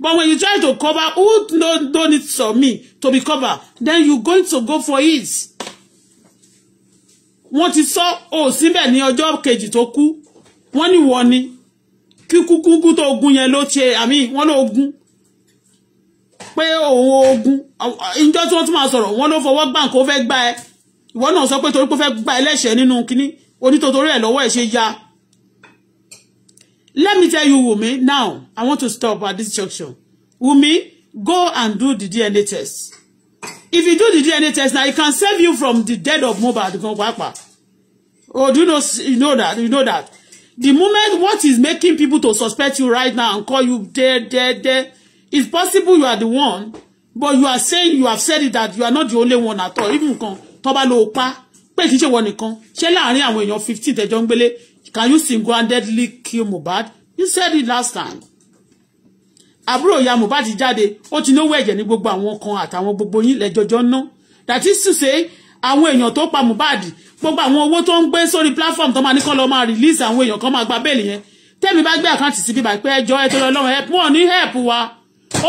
Speaker 1: but when you try to cover who don't don't need me to be cover? then you going to go for it wọ́n ti sọ ò síbẹ̀ ní ọjọ́ kejì tó kú wọ́n ní wọ́n ni kíkúkúkú tó ogun yẹn ló ṣe àmì wọ́n ló ogun pé òun ogun ìjọ tí wọ́n tún máa sọ̀rọ̀ wọ́n ló fọwọ́ gbà kó fẹ́ gbà ẹ ìwọ náà sọ pé torí pé ó fẹ́ gbà ẹ nínú kínní onítòtòrí ẹ̀ lọ́wọ́ ẹ̀ ṣe ya Let me tell you, Wumi, now, I want to stop at this junction. Wumi, go and do the DNA test. If you do the DNA test now, it can save you from the death of Mohbad Gonwapa. Oh, do you know, you know that? You know that. The moment what is making people to suspect you right now and call you dead, dead, dead, it's possible you are the one, but you are saying, you have said it that you are not the only one at all. Even kan, tó bá lọ pa, pé kì í ṣe wọ nìkan, ṣé láàrin àwọn èèyàn 15 can you single-handedly kill Mohbad you said it last time àbúrò ìyá Mohbad ti jáde ó ti náwó ẹ̀jẹ̀ ní gbogbo àwọn kan àtàwọn gbogbo yín lẹ́jọ́jọ́ ná that is to say àwọn èèyàn tó pa Mohbad gbogbo àwọn owó tó ń gbé sórí platform tó máa ní kọ́ lọ́ọ́ máa release àwọn èèyàn kan máa gba bẹ́ẹ̀lì yẹn tẹ́mi bá gbé àkáǹtì síbi bàpẹ́ ẹjọ́ ẹ tó lọ lọ́wọ́ help wọn ní help wa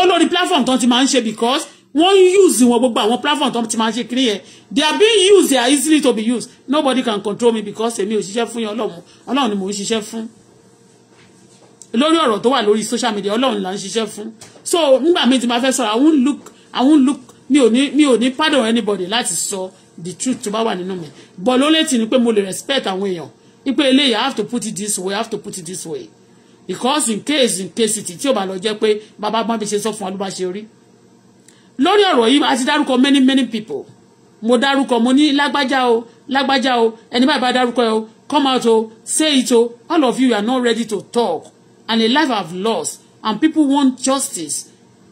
Speaker 1: ó lórí platform tó ti máa ń ṣe because wọ́n use wọn gbogbo àwọn platform tó ti máa ṣe kiri yẹn they are being used they are easily to be used nobody can control me because èmi ò ṣiṣẹ́ fún yẹn ọlọ́run ọlọ́run ni mò ń ṣiṣẹ́ fún lórí ọ̀rọ̀ tó wà lórí social media ọlọ́run là ń ṣiṣẹ́ fún so nígbà mi ti máa fẹ́ sọ̀rọ̀ i won't look i won't look mi ò ní mi ò ní pardon anybody láti sọ the truth tó bá wà nínú mi but ló létí ni pé mo lè respect àwọn èèyàn ipe eléyìí i have to put it this way i have to put it this way because in case in case ti tí ò bá lọ jẹ́ pé bàbá gbọ́n mi ṣe sọ fún ọ ló bá ṣe rí lórí ọ̀rọ̀ yìí a ti dárúkọ many many people mo dárúkọ mo ní lágbájá o lágbájá o ẹni báyìí bá dárúkọ o come out o say it o all of you are not ready to talk and a life have lost and people want justice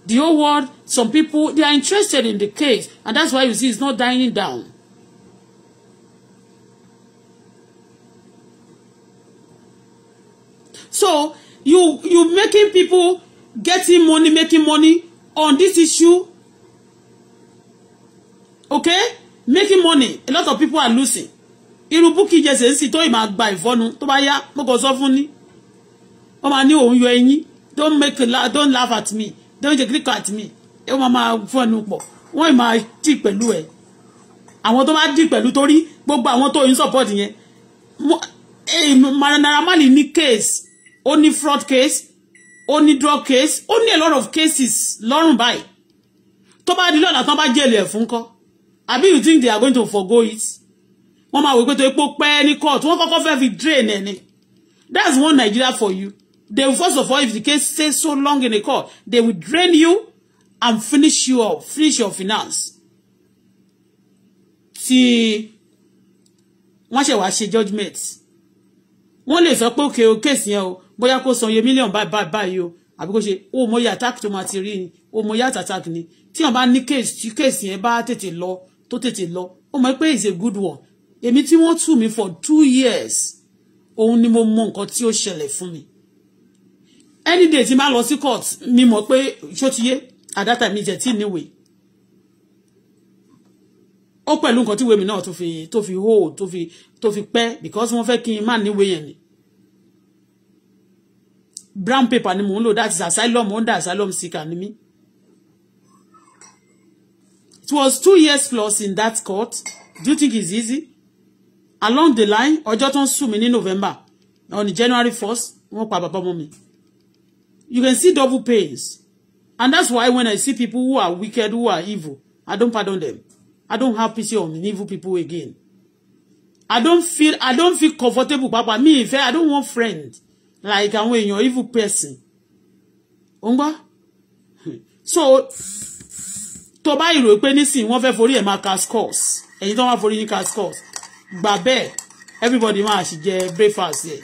Speaker 1: the whole world some people they are interested in the case and that's why you see it's not dying down. so you you making people getting money making money on this issue okay making money a lot of people are losing irú búkì jẹsẹ̀ ń sì tó ìmọ̀ àgbà ìfọ́nu tó bá yá mo kàn sọ fún ni wọ́n máa ní òun yọ eyín don't make la don't laugh at me don't jẹ́ click at me ẹ wọ́n máa fọ́nu pọ̀ wọ́n ì máa dì pẹ̀lú ẹ̀ àwọn tó bá dì pẹ̀lú torí gbogbo àwọn tó ń support yẹn eh, Naira Marley ní case ó ní fraud case ó ní drug case ó ní a lot of cases lọ́rùn báyìí tó bá di lọ́la tán bá jẹ́ ilé ẹ̀ fún kọ́ àbí you think they are going to forgo it wọ́n máa wò pé tó epo pẹ́ ní court wọ́n kọ́kọ́ fẹ́ fi drain ẹ̀ ni that's one Nigeria for you they will first of all if the case stay so long in the court they will drain you and finish you up finish your finance ti wọ́n ṣe wá ṣe judgement wọ́n lè sọ pé òkè o case yẹn o bóyá kó san iye million. báyìí báyìí báyìí o àbí kó ṣe o mọ iye attack tó máa ti rí ni o mọ iye attack ni tí wọ́n bá ní case tí case yẹn bá tètè lọ tó tètè lọ ó mọ̀ pé is a good one èmi tí wọ́n tù mí for two years òun ni mo mọ nǹkan tí ó ṣẹlẹ̀ fún mi any day tí n bá lọ sí court mi mọ̀ pé ṣó at that time mi jẹ̀ tí níwèé ó pẹ̀lú nǹkan tí wèmi náà tó fi tó fi hó tó fi tó fi pẹ́ because wọ́n fẹ́ kí n má níwèé yẹn ni brown paper ni mò ń lò that is asylum under asylum seeker ni mí It was two years plus in that court. Do you think it's easy? Along the line, ọjọ́ tó ń sùn mí ní November on January 1st, wọ́n pa bàbá ọmọ mi. You can see double pains. And that's why when I see people who are wicked, who are evil, I don't pardon them. I don't have pity on evil people again. I don't feel I don't feel comfortable papa Me, if I don't want friend like àwọn èèyàn evil person. Ongba? So tó bá ìrò pé nísìnyí wọ́n fẹ́ forí ẹ̀ máa ka scores ẹ̀yin tó wá forí yín ka scores gbà bẹ́ẹ̀ everybody máa sì jẹ breakfast yẹ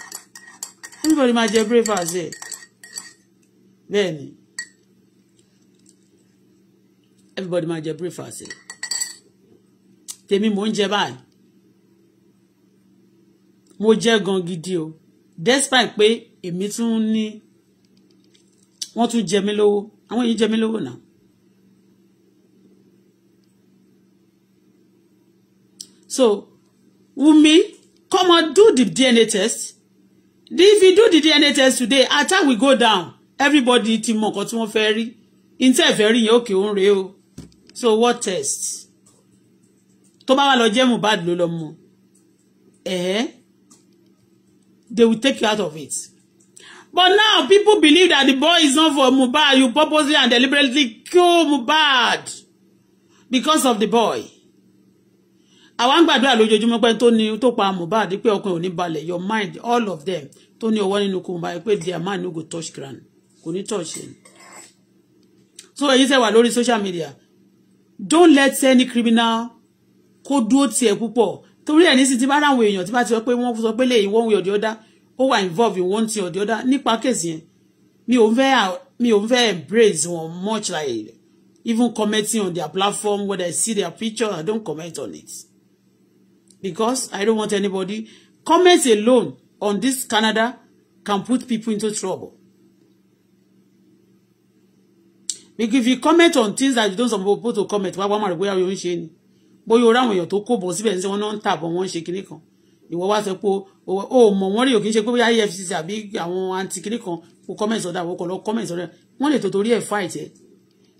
Speaker 1: everybody máa jẹ breakfast yẹ bẹ́ẹ̀ ni everybody máa jẹ breakfast yẹ tèmi mò ń jẹ báyìí mo jẹ gan gidi o despite pé èmi tún ní wọ́n tún jẹ mí lówó àwọn èyí jẹ mí lówó náà So, Wunmi, come on, do the DNA test. If you do the DNA test today, attack will go down. Everybody ti mọ nǹkan tí wọ́n fẹ́ rí. Instead fẹ́ rí yẹn òkè òun rèé o. So what test? Tó bá wà lọ jẹ́ Mohbad ló lọ mú. Eh? They will take you out of it. But now people believe that the boy is not for Mohbad. You purposely and deliberately kill Mohbad because of the boy àwa gbàdúrà lójoojúmọ́ pé tó ní tó pa Mohbad pé ọkàn ò ní balẹ̀ your mind all of them tó ní ọwọ́ nínú kò báyìí pé their mind no go touch ground kò ní touch ẹ̀. so ẹ̀yin tẹ́ wà lórí social media don't let any criminal kó dúró tiẹ̀ púpọ̀ torí ẹ̀ nísìsiyìí tí bá ráwọn èèyàn tí bá ti sọ pé wọ́n sọ pé lè one way or the other ó wà involve in one thing or the other nípa kéèsì yẹn mi ò ń fẹ́ mi ò ń fẹ́ embrace wọn much like even commenting on their platform whether I see their picture I don't comment on it because I don't want anybody. Comments alone on this Canada can put people into trouble. Because if you comment on things that you don't supposed to comment, wá wá máa rẹ̀ bóyá oyún Boy, ni. Bóyá when ráwọn èèyàn tó kó bọ̀ síbẹ̀ ní sẹ́ wọ́n náà ń tà bọ̀ wọ́n ń ṣe kinní kan. Ìwọ wá sọ pé o mọ̀ wọ́n rí òkè ṣe e anti kinní kan comments comment that àwọn call lọ comment sọ̀dà wọ́n lè totally torí fight ẹ̀.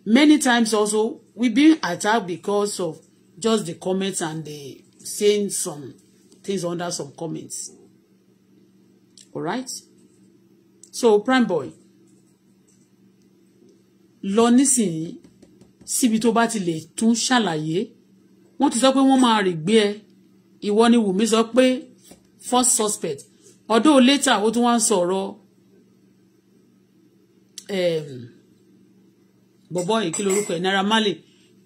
Speaker 1: Many times also we been attacked because of just the comments and the saying some things under some comments. All right? So, Prime Boy, lọ nísìnyí síbi tó bá ti lè tún ṣàlàyé wọ́n ti sọ pé wọ́n máa rè gbé ẹ ìwọ ni Wùmí sọ pé first suspect although later ó tún wá ń sọ̀rọ̀ um, bọ̀bọ̀ yìí kí ẹ̀ Naira Marley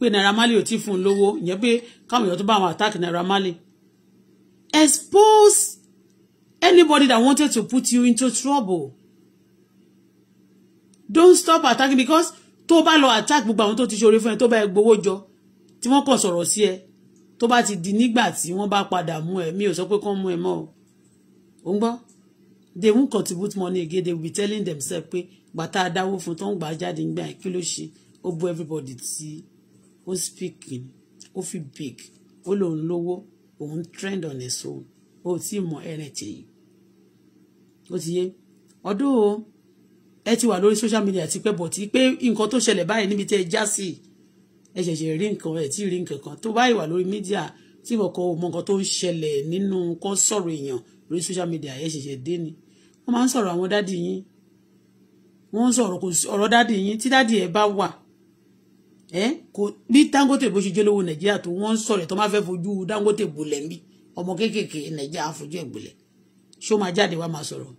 Speaker 1: pé Naira Marley ò tí fún un lówó ìyẹn pé káwọn èèyàn tó bá àwọn attack Naira Marley expose anybody that wanted to put you into trouble don't stop attacking because tó bá lọ attack gbogbo àwọn tó ti ṣoore fún ẹ tó bá ẹ gbowó jọ tí wọ́n kàn sọ̀rọ̀ sí ẹ tó bá ti di nígbà tí wọ́n bá padà mú ẹ mi ò sọ pé kán mú ẹ mọ́ o ò ń gbọ́ they won't contribute money again they will be telling themselves pé gbàtà adáwó fún tó ń gbà jáde ńgbà yẹn kí ló ṣe ó bu everybody tí ó speaking ó fi big ó lòun lówó òun trend on his own ó ti mọ ẹrẹtì yìí ó ti yé ọdún o ẹ ti wà lórí social media ti pẹ́ bọ̀ tí pé nǹkan tó ṣẹlẹ̀ báyìí níbi tẹ́ ẹ já sí ẹ ṣẹ̀ṣẹ̀ rí nǹkan ẹ̀ tí rí nǹkan kan tó báyìí wà lórí media tí kọ̀ọ̀kan ò mọ nǹkan tó ń ṣẹlẹ̀ nínú kan sọ̀rọ̀ èèyàn lórí social media ẹ ṣẹ̀ṣẹ̀ dé ni wọ́n máa ń sọ̀rọ̀ àwọn dádì yín wọ́n ń sọ̀rọ̀ kò sí ọ̀rọ̀ dádì yín tí dádì ẹ bá wà Eh? kò bí Dangote bó ṣe jẹ́ lówó Nàìjíríà tó wọ́n ń sọ̀rọ̀ tó máa fẹ́ fojú Dangote bolẹ̀ ń bí ọmọ kéékèèké Nàìjíríà fojú ẹ̀ gbolẹ̀ ṣó máa jáde wá máa sọ̀rọ̀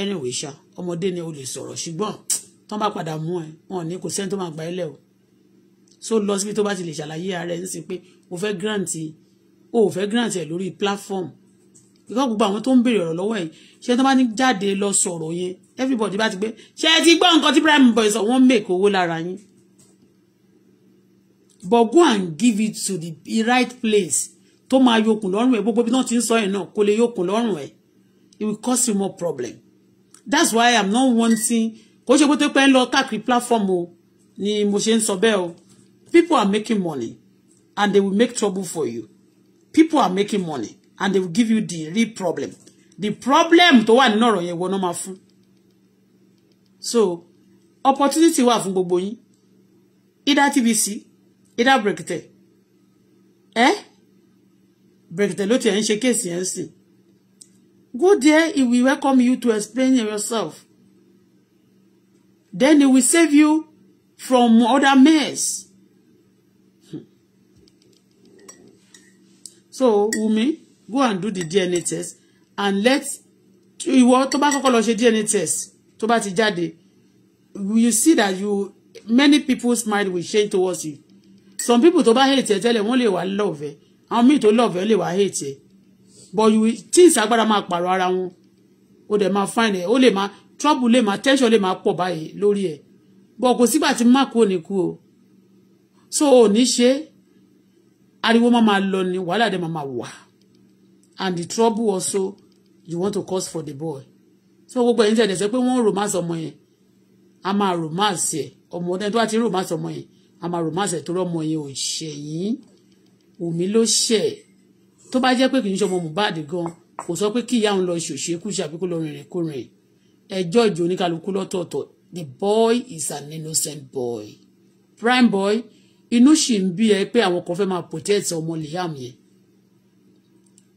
Speaker 1: anyway ṣá ọmọdé ni o lè sọ̀rọ̀ ṣùgbọ́n tán bá padà mú ẹ wọn ní kò sẹ́ni tó máa gba ẹ lẹ̀ o so lọ síbi tó bá ti lè ṣàlàyé ara ẹ nísìnyí pé o fẹ́ grant o ò fẹ́ grant ẹ lórí platform ìkọ́ gbogbo àwọn tó ń béèrè ọ̀rọ̀ lọ́wọ́ yìí ṣé tó bá ní jáde lọ sọ̀rọ̀ yẹn everybody bá ti gbé ṣé ẹ ti gbọ́ nǹkan tí prime boy sọ wọ́n mèkó owó lára yín but go and give it to the right place tó máa yokùn lọ́rùn ẹ̀ gbogbo bí wọ́n ti ń sọ yẹn náà kò lè yokùn lọ́rùn ẹ̀ it will cause you more problem that's why i'm not wanting kò ṣe pé tó pẹ́ ń lọ káàkiri platform o ni mo ṣe ń sọ bẹ́ẹ̀ o people are making money and they will make trouble for you people are making money and they will give you the real problem the problem tó wà nínú ọ̀rọ̀ yẹn wọ́n náà máa fún so opportunity wà fún gbogbo yín either TVC either brekete ẹ eh? brekete ló tiẹ̀ ń ṣe kéèsì yẹn sì go there he will welcome you to explain yourself then he will save you from other mess. so Wumi go and do the DNA test and let ìwọ tó bá kọ́kọ́ lọ ṣe DNA test tó bá ti jáde you see that you many people's mind will change towards you some people tó bá hate ẹ tẹ́lẹ̀ wọ́n lè wá love ẹ àwọn míì tó love ẹ lè wá hate ẹ but you things agbára máa pààrọ̀ ara wọn ó dẹ̀ máa fine ẹ ó lè máa trouble lè máa tension lè máa pọ̀ báyìí lórí ẹ but kò sígbà tí má kú òní kú o so ò ní ṣe ariwo máa máa lọ ni wàhálà dẹ̀ máa wà and the trouble also you want to cause for the boy so gbogbo ẹ̀yin tẹ̀lé sẹ́ pé wọ́n romance ọmọ yẹn a máa romance ẹ̀ ọmọ ọdẹ tó bá ti romance ọmọ yẹn a máa romance tó rọmọ yẹn ò ṣẹ̀yìn Wùmí ló ṣẹ̀ tó bá jẹ́ pé kì í ṣọmọ Mohbad gan kò sọ pé kí ìyá òun lọ ṣòṣèkú ṣàbí kó lọ rìnrìn kó rìn ẹjọ́ ìjọ oníkálukú lọ́tọ̀ọ̀tọ̀ the boy is an innocent boy prime boy inú sì ń bí ẹ pé àwọn kan fẹ́ máa protect ọmọ Liam yẹn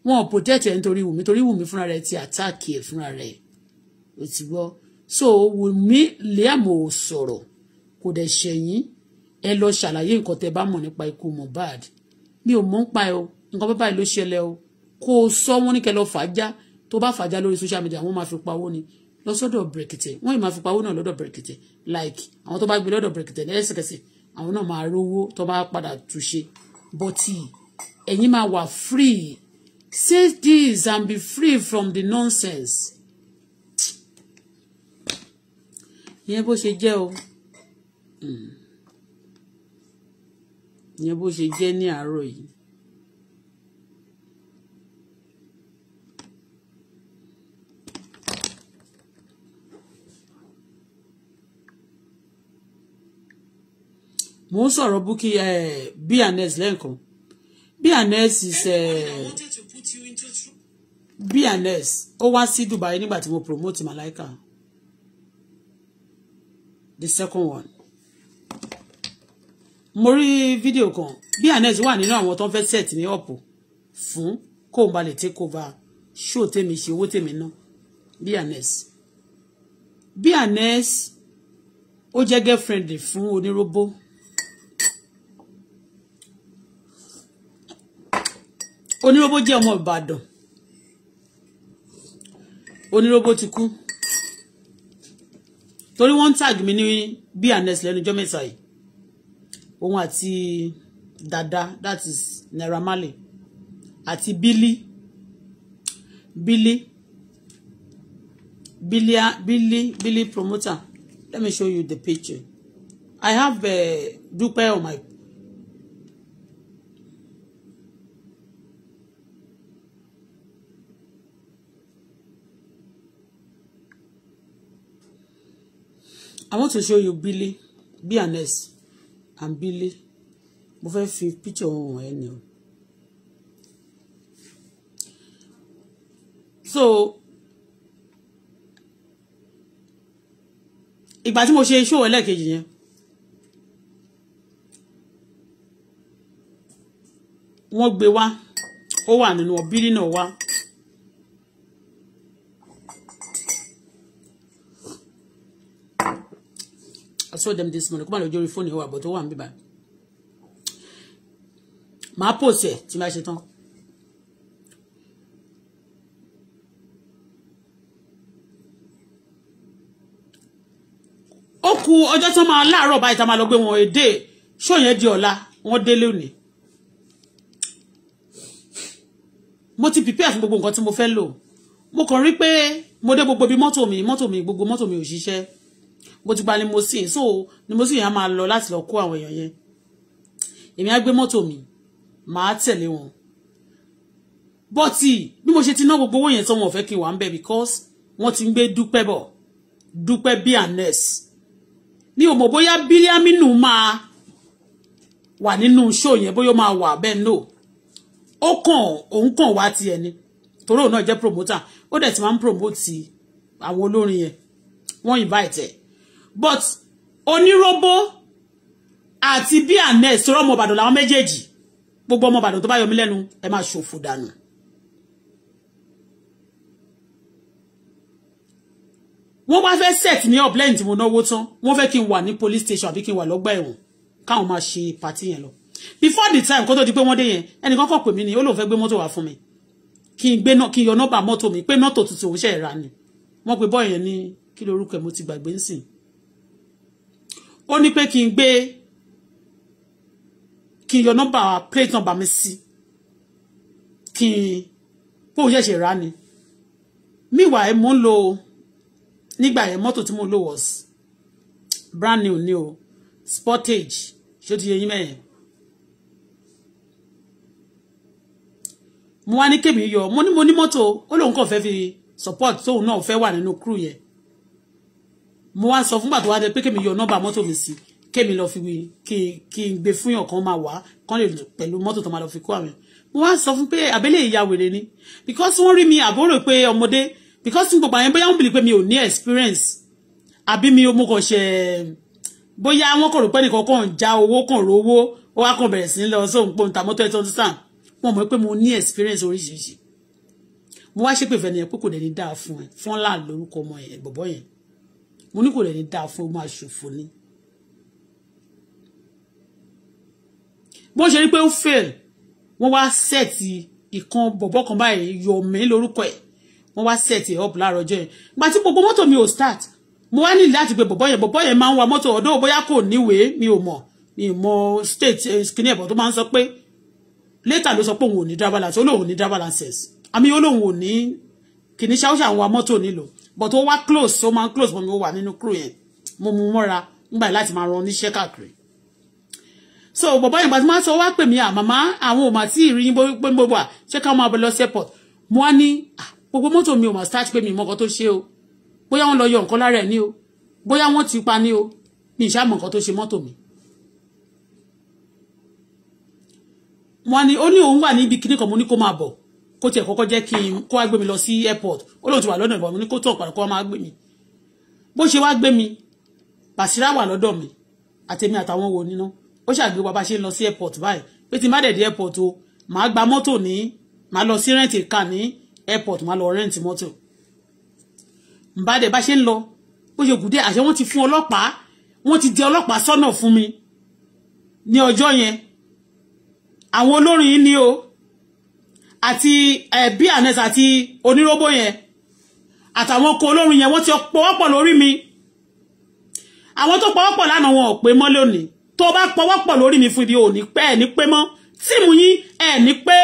Speaker 1: wọn ò protect ẹ nítorí Wùmí torí Wùmí fúnra rẹ̀ ti attack ẹ fúnra rẹ̀ ò ti gbọ́ so Wùmí Liam ò sọ̀rọ̀ kò dẹ̀ ṣẹ̀yìn ẹ lọ ṣàlàyé nǹkan tẹ́ bá mọ̀ nípa ikú Mohbad mi ò mọ̀ ń pa ẹ o nǹkan bábà ló ṣẹlẹ̀ o kó o sọ wọn ní kẹ́ lọ fàájá tó bá fàájá lórí social media wọ́n máa fi pawó ni lọ sọ́dọ̀ Brekete wọ́n yìí máa fi pawó náà lọ́dọ̀ Brekete like àwọn tó bá gbé lọ́dọ̀ Brekete lẹ́sẹ̀kẹsẹ̀ àwọn náà máa rówó tó bá padà túnṣe bọ́tì ẹ̀yin máa wà free say this and be free from the nonsense. ìyẹn bó ṣe jẹ́ o. Mm ìyẹn bó ṣe jẹ́ ní àárọ̀ yìí. mo ń sọ̀rọ̀ Bukky eh, Bnz lẹ́ẹ̀kan Bnz is eh, Bnz ó wá sí Dubai nígbà tí mo promote Malaika the second one mo rí fídíò kan bí anet wà nínú àwọn tó ń fẹ́ set ní ọ̀pọ̀ fún kó n balẹ̀ take over show tèmi ṣe owó tèmi ná bí anet bí anet ó jẹ́ girlfriend fún onírúbó onírúbó jẹ́ ọmọ ìbàdàn onírúbó ti kú torí wọ́n ń tag mi ní bí anet lẹ́nu jọ́mẹ́ta yìí òun àti dada that is Naira Marley àti Billy Billy Billy Billy Billy promoter let me show you the picture I have uh, Dúpẹ́ on oh my I want to show you Billy. Be honest àǹbílé mo fẹ́ fi picture wọn wọ̀nyẹn ni o. so ìgbà tí mo ṣe show ẹlẹ́ẹ̀kejì yẹn wọ́n gbé wá ó wà nínú ọ̀bílì náà wá I saw them this morning kó má lọ jórí fóònù ìwà àbọ̀ tó wà ń bíbá màá post ẹ̀ tí màá ṣe tán. ó ku ọjọ́ tó máa láàárọ̀ báyìí tá máa lọ gbé wọn èdè ṣóyẹn di ọ̀la wọn délé mo ti prepare fún gbogbo nǹkan tí mo fẹ́ lò mo kàn rí pé mo dé gbogbo bí mọ́tò mi mọ́tò mi gbogbo mọ́tò mi ò ṣiṣẹ́ mo ti gba limousine so limousine yẹn máa lọ láti lọ kó àwọn èèyàn yẹn èmi á gbé mọ́tò mi màá tẹ̀lé wọn bọ́tì bí mo ṣe ti ná gbogbo owó yẹn tán wọn ò fẹ́ kí n wà ń bẹ̀ because wọ́n ti ń gbé dúpẹ́ bọ̀ dúpẹ́ bí anes ní òmò bóyá bílíàmínú máa wà nínú ṣó yẹn bóyá ó máa wà bẹ́ẹ̀ no ó kàn òun kàn wá tiẹ̀ ni torí òun náà jẹ́ promoter ó dẹ̀ ti máa ń promote àwọn olórin yẹn wọ́n invite ẹ̀ but oníróbó àti bí anes sọ̀rọ̀ ọmọ ìbàdàn làwọn méjèèjì gbogbo ọmọ ìbàdàn tó bá yọmí lẹ́nu ẹ máa ṣòfò dànù. wọ́n wá fẹ́ set ní up tí mo náwó tán wọ́n fẹ́ kí n wà ní police station àbí kí n wà lọ́gbà ẹ̀wọ̀n káwọn máa ṣe pàtí yẹn lọ before the time kó tó di pé wọ́n dé yẹn ẹnìkan kàn pè mí ni ó lóun fẹ́ gbé mọ́tò wá fún mi kí n gbé kí n yọ nọ́mbà mọ́tò mi pé mọ́tò tuntun òun ṣe é ra ni wọ́n pe bọ́ọ̀ yẹn ní kí lorúkọ ẹ̀ mo ti gbàgbé ń sìn ó ní pé kí n gbé kí n yọ nọ́mbà plate nọ́mbà mi sí kí n bó o ṣẹ̀ṣẹ̀ rà ni míwà ẹ̀ mò ń lo nígbà yẹn mọ́tò tí mo lò was brand new ni o sportage ṣé ó ti yẹ yín mẹ́yẹn mo wá ní kébì yọ mo ní mo ní mọ́tò ó lóun kàn fẹ́ fi support tóun náà fẹ́ wà nínú crew yẹn mo wá sọ fúngbà tó wá dé pé kémi yọ nọ́mbà mọ́tò mi sí kémi lọ fi kí n gbé fún yàn kan máa wá kán lè lò pẹ̀lú mọ́tò tó máa lọ fi kó àwọn mo wá sọ fún pé abẹ́lé ìyá wèrè ni because wọ́n rí mi àbúrò pé ọmọdé because n gbogbo àyẹn bóyá wọ́n bìlì pé mi ò ní experience àbí mi mo kàn ṣe bóyá wọ́n kàn rò pé nìkan kàn já owó kàn rówó ó wá kàn bẹ̀rẹ̀ sí lọ sóhun pé òǹtà mọ́tò ẹ̀ tó sàn wọ́n mọ̀ pé mo ní experience oríṣiríṣi mo wá ṣépè fẹ́ nìyẹn pé kò dẹ̀ ní dáa fún ẹ fún ńlá lórúkọ ọmọ yẹn bọ̀bọ̀ yẹn mo ní kò lè ní dáa fún ó máa ṣòfò ni. bó ṣe ní pé ó fail wọ́n wá sẹ́ẹ̀tì ìkan bọ̀bọ́ kan báyìí yọ̀mí lórúkọ ẹ̀ wọ́n wá sẹ́ẹ̀tì up láàárọ̀ ọjọ́ yẹn tí gbogbo mọ́tò mi ò start mo wá nílò láti pe bọ̀bọ́ yẹn bọ̀bọ́ yẹn máa ń wa mọ́tò ọ̀dọ́ bóyá kò níwèé mi ò mọ̀ mi ò mọ̀ state skinny eh, ẹ̀bọ̀ tó máa ń sọ pé later ló sọ pé òun ò ní driver license olóhùn ò ní driver license àmì olóhùn ò ní kìnìṣà ó ṣàwọn wa mọ́tò nílò but ó wá close So máa close mọ́ mi ó wà nínú crew yẹn mo mú mọ́ra nígbà yìí láti máa ran oníṣẹ́ káàkiri so bàbá yìí gbàtí máa sọ wá pè mí à ah, màmá àwọn ò mà tí ì rí yín pé gbogbo à ṣé ká máa bẹ lọ sí airport mo á ní ah, gbogbo mọ́tò mi ò mà start pé mi mọ nǹkan tó ṣe o bóyá wọ́n lọ yọ nǹkan lára ẹ̀ ní o bóyá wọ́n ti pa ní o mi ì ṣàmọ̀ nǹkan tó ṣe mọ́tò mi wọ́n ní ó ní òun wà ní ibi kíní kan mo ní kó máa bọ̀ kó tiẹ̀ kọ́kọ́ jẹ́ kí n kó wá gbé mi lọ sí airport ó lóun ti wà lọ́dọ̀ ìbọn mi ní kó tọ̀ padà kó wá máa gbé mi bó ṣe wá gbé mi Basira wà lọ́dọ̀ mi àtẹ̀mí àtàwọn wo níná ó ṣàgbé wa bá ṣe ń lọ sí airport báyìí pé tí n bá dẹ̀ dé airport o màá gba mọ́tò ní màá lọ sí rẹ́ǹtì kà ní airport màá lọ rẹ́ǹtì mọ́tò n bá dẹ̀ bá ṣe ń lọ bó ṣe gùdé àṣẹ wọ́n ti fún ọlọ́pàá wọ́n ti di ọlọ́pàá sọ́nà fún mi ní ọjọ́ yẹn àwọn olórin yìí ni o àti ẹbí eh, anes àti oníróbó yẹn àtàwọn ọkọ olórin yẹn wọ́n ti pọwọ́pọ̀ lórí mi àwọn tó pọwọ́pọ̀ lánàá wọn ò pé mọ́ lónìí tó bá pọwọ́pọ̀ lórí mi fún ibi ò ní pẹ́ ẹ̀ ní pé mọ́ tíìmù yín ẹ̀ ní pé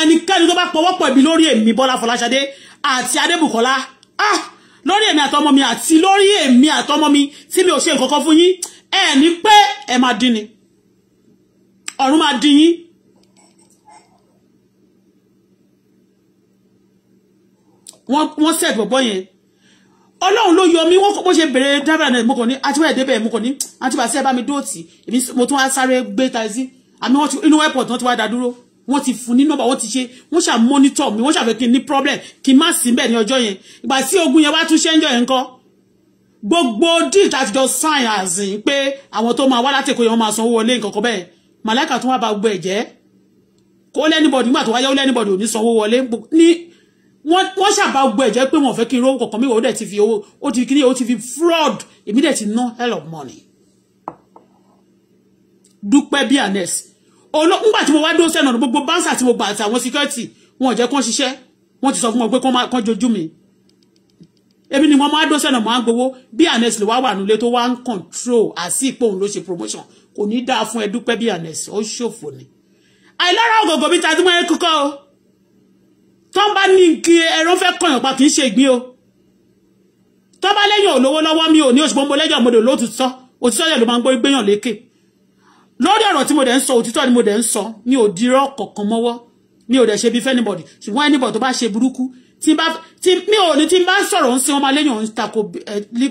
Speaker 1: ẹnikẹ́ni tó bá pọwọ́pọ̀ ibi lórí èmi Bọ́lá Fọláṣadé àti Adébùkọ́lá ah lórí èmi àtọmọ mi àti lórí èmi àtọmọ mi tí mi ò ṣe nǹkan kan fún yín ẹ̀ pé ẹ̀ máa dín ni ọ̀run máa dín yín wọ́n wọ́n sẹ̀ bọ̀bọ̀ yẹn ọlọ́run ló yọ mí wọ́n mo ṣe bèrè dábàá náà mo kàn ní àtiwá ẹ̀dẹ́bẹ̀ mo kàn ní àtiwá sí ẹ bá mi dóòtì èmi mo tún wá sáré gbé taxi àmì wọn ti inú airport wọn ti wá dá dúró wọn ti fún ní nọ́mbà wọn ti ṣe wọn ṣà monitor mi wọn ṣàfẹ́ kí n ní problem kí n má sí bẹ́ẹ̀ ní ọjọ́ yẹn ìgbà tí ogun yẹn wá tún ṣe ń jọ yẹn kọ́ gbogbo deal tá jọ sign àzìn pé àwọn tó máa wá láti èkó yẹn wọ́n máa sanwó wọlé nǹkan kan bẹ́ẹ̀ màláìka tún wá ba gbogbo ẹ̀ jẹ́ kó lẹ́nibọ̀dì nígbà tó wáyé ó lẹ́nibọ̀dì ò ní sanwó wọlé wọ́n wọ́n ṣàbá gbọ́ ẹ̀jẹ̀ pé wọ́n fẹ́ kí n rówó kọ̀ọ̀kan mi ò dẹ̀ ti fi owó ó ti kí ni ó ti fi fraud èmi dẹ̀ ti ná hell of money. dúpẹ́ bí anes olóògùn nígbà tí mo wá dó sẹ́nà ọ̀nà gbogbo báńsà tí mo gbà àtàwọn security wọn ò jẹ́ kán ṣiṣẹ́ wọ́n ti sọ fún wọn pé kán jojú mi. èmi ni wọ́n máa dó sẹ́nà máa ń gbowó bí anes lè wá wà nílé tó wá ń control àti ìpò òun ló ṣe promotion kò ní dáa fún ẹ dúpẹ́ bí anes ó ṣòfò ni. àìlára ògògò bíi tajúmọ́ ẹ o tó ń bá ní kí ẹran fẹ́ kọyàn pa kì í ṣe ìgbín o tó bá lẹ́yìn olówó lọ́wọ́ mi ò ní oṣù gbogbo lẹ́yìn ọmọdé ló ti sọ òtítọ́ yẹn ló máa ń gbọ́ gbéyàn lékè lórí ọ̀rọ̀ tí mo dẹ̀ ń sọ òtítọ́ ni mo dẹ̀ ń sọ mi ò dirọ́ kọ̀ọ̀kan mọ́wọ́ mi ò ṣe bí fẹ́ ṣùgbọ́n anybody tó bá ṣe burúkú mi ò ní tí n bá sọ̀rọ̀ ń sin ọmọ alẹ́yìn ọ̀hún tako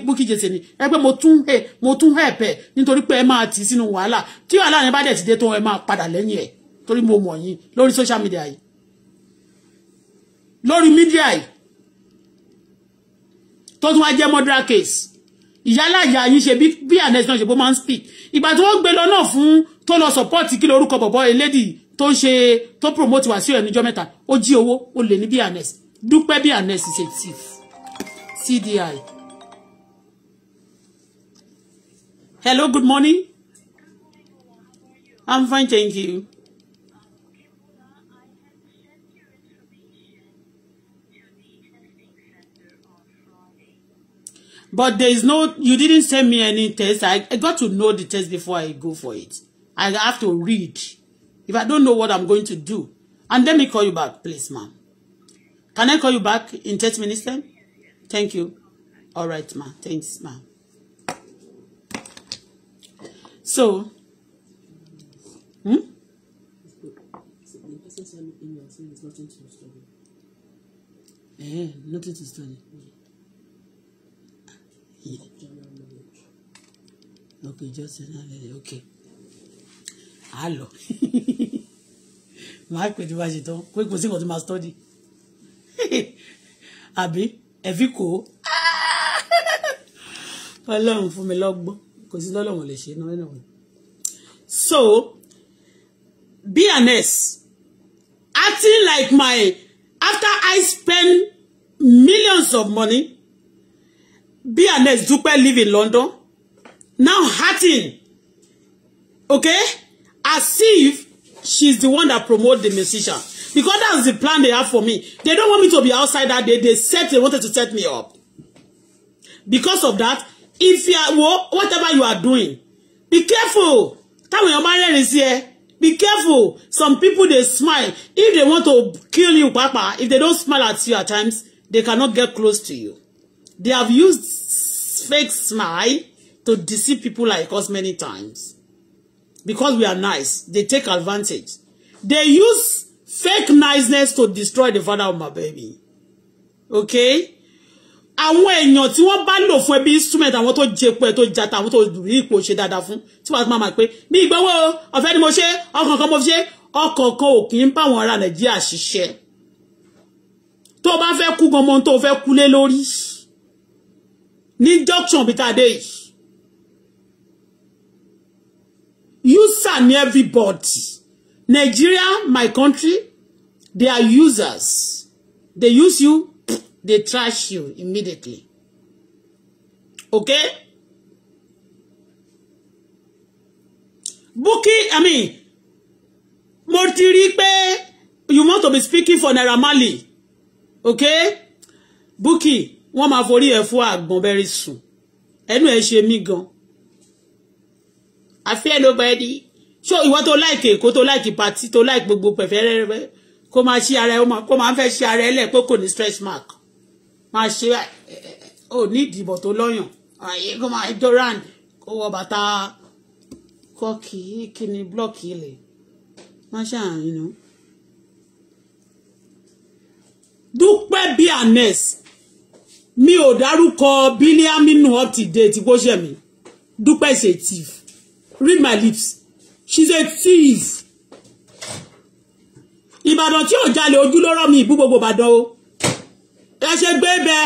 Speaker 1: Bukky Jesse ni ẹ pé mo tún ẹ mo tún ẹ bẹ̀ nítorí pé ẹ máa tì sínú wàhálà tí wàhálà yẹn bá dẹ̀ ti dé tó ẹ máa padà lẹ́yìn ẹ̀ torí mo mọ̀ yín lórí social media yìí lórí mídíà yìí tó tún wá jẹ́ murder case ìyálàyà yìí ṣe bí anẹ́sìnà ṣe bó máa ń speak ìgbà tí wọ́n gbé lọ náà fún tó lọ support kí ló orúkọ bọ̀bọ̀ elédìí tó ń ṣe tó promote Wàsíù ẹnijọ́ mẹ́ta ó jí owó ó lè ní bí anẹ́sì dúpẹ́ bí anẹ́sì ṣe thief CDI. Hello, good morning. I'm fine, thank you. But there is no, you didn't send me any test. I, I got to know the test before I go for it. I have to read. If I don't know what I'm going to do. And let me call you back, please, ma'am. Can I call you back in 30 minutes then? Thank you. All right, ma'am. Thanks, ma'am. So, hmm? Eh, nothing to study okay Johnson alẹ́ okay á lọ màá pè tí wàá ṣe tán pé kò sí nǹkan tó máa study àbí ẹ̀fí kò ọlọ́run fún mi lọ́gbọ́n kò sí lọ́lọ́run lè ṣe náà nínú so be honest acting like my after I spend millions of money bí Ernest Dúpẹ́ live in London now hurting okay as if she's the one that promote the musician because that's the plan they have for me they don't want me to be outside that day they set they wanted to set me up because of that if you are whatever you are doing be careful táwọn èèyàn your rẹ́rìn is here. be careful some people they smile if they want to kill you papa if they don't smile at you at times they cannot get close to you They have used fake smile to deceive people like us many times. Because we are nice, they take advantage. They use fake niceness to destroy the father of my baby. Okay? Àwọn èèyàn tí wọ́n bá lò fún ẹbí instrument àwọn tó jepo ẹ tó jata àwọn tó rí ipò ṣe dáadáa fún tí wàá máa máa pé bí ìgbọ́wọ́ ọ̀fẹ́ ni mo ṣe ọkọ̀ọ̀kan mo fi ṣe ọkọ̀ọ̀kan ò kì í bá àwọn ará Nàìjíríà ṣiṣẹ́ tó bá fẹ́ kú gan mọ́ tó fẹ́ kú lé lórí ní junction bí tàdé yìí user ni everybody Nigeria my country they are users they use you they trash you immediately okay Bukky I mean mo ti rí pé you want to be speaking for Naira Marley okay Bukky wọ́n máa forí ẹ̀ fún àgbọn bẹ́rí sùn ẹnu ẹ̀ ṣe mí gan àfi ẹ̀ ló bá ẹ di ṣó ìwọ tó láìkè kó tó láìkè pàtí tó láìkè gbogbo pẹ̀fẹ́ rẹ́rẹ́ kó máa ṣí ara ẹ̀ kó máa fẹ́ ṣí ara ẹ̀ lẹ̀ pé kò ní stretch mark máa ṣe ò ní ìdìbò tó lọ́yàn ààyè kó máa doran kó wọ bàtà kọ́ọ̀kì kíni blọ́ọ̀kì ilẹ̀ máa ṣàyàn. dúpẹ́ bí anes mi ò dárúkọ Biliaminu up to date bó ṣe mi Dúpẹ́ is thief read my lips she's a thief Ìbàdàn tí ò jalè ojú ló rọ mi ìbú gbogbo Ìbàdàn o ẹ ṣe gbé bẹ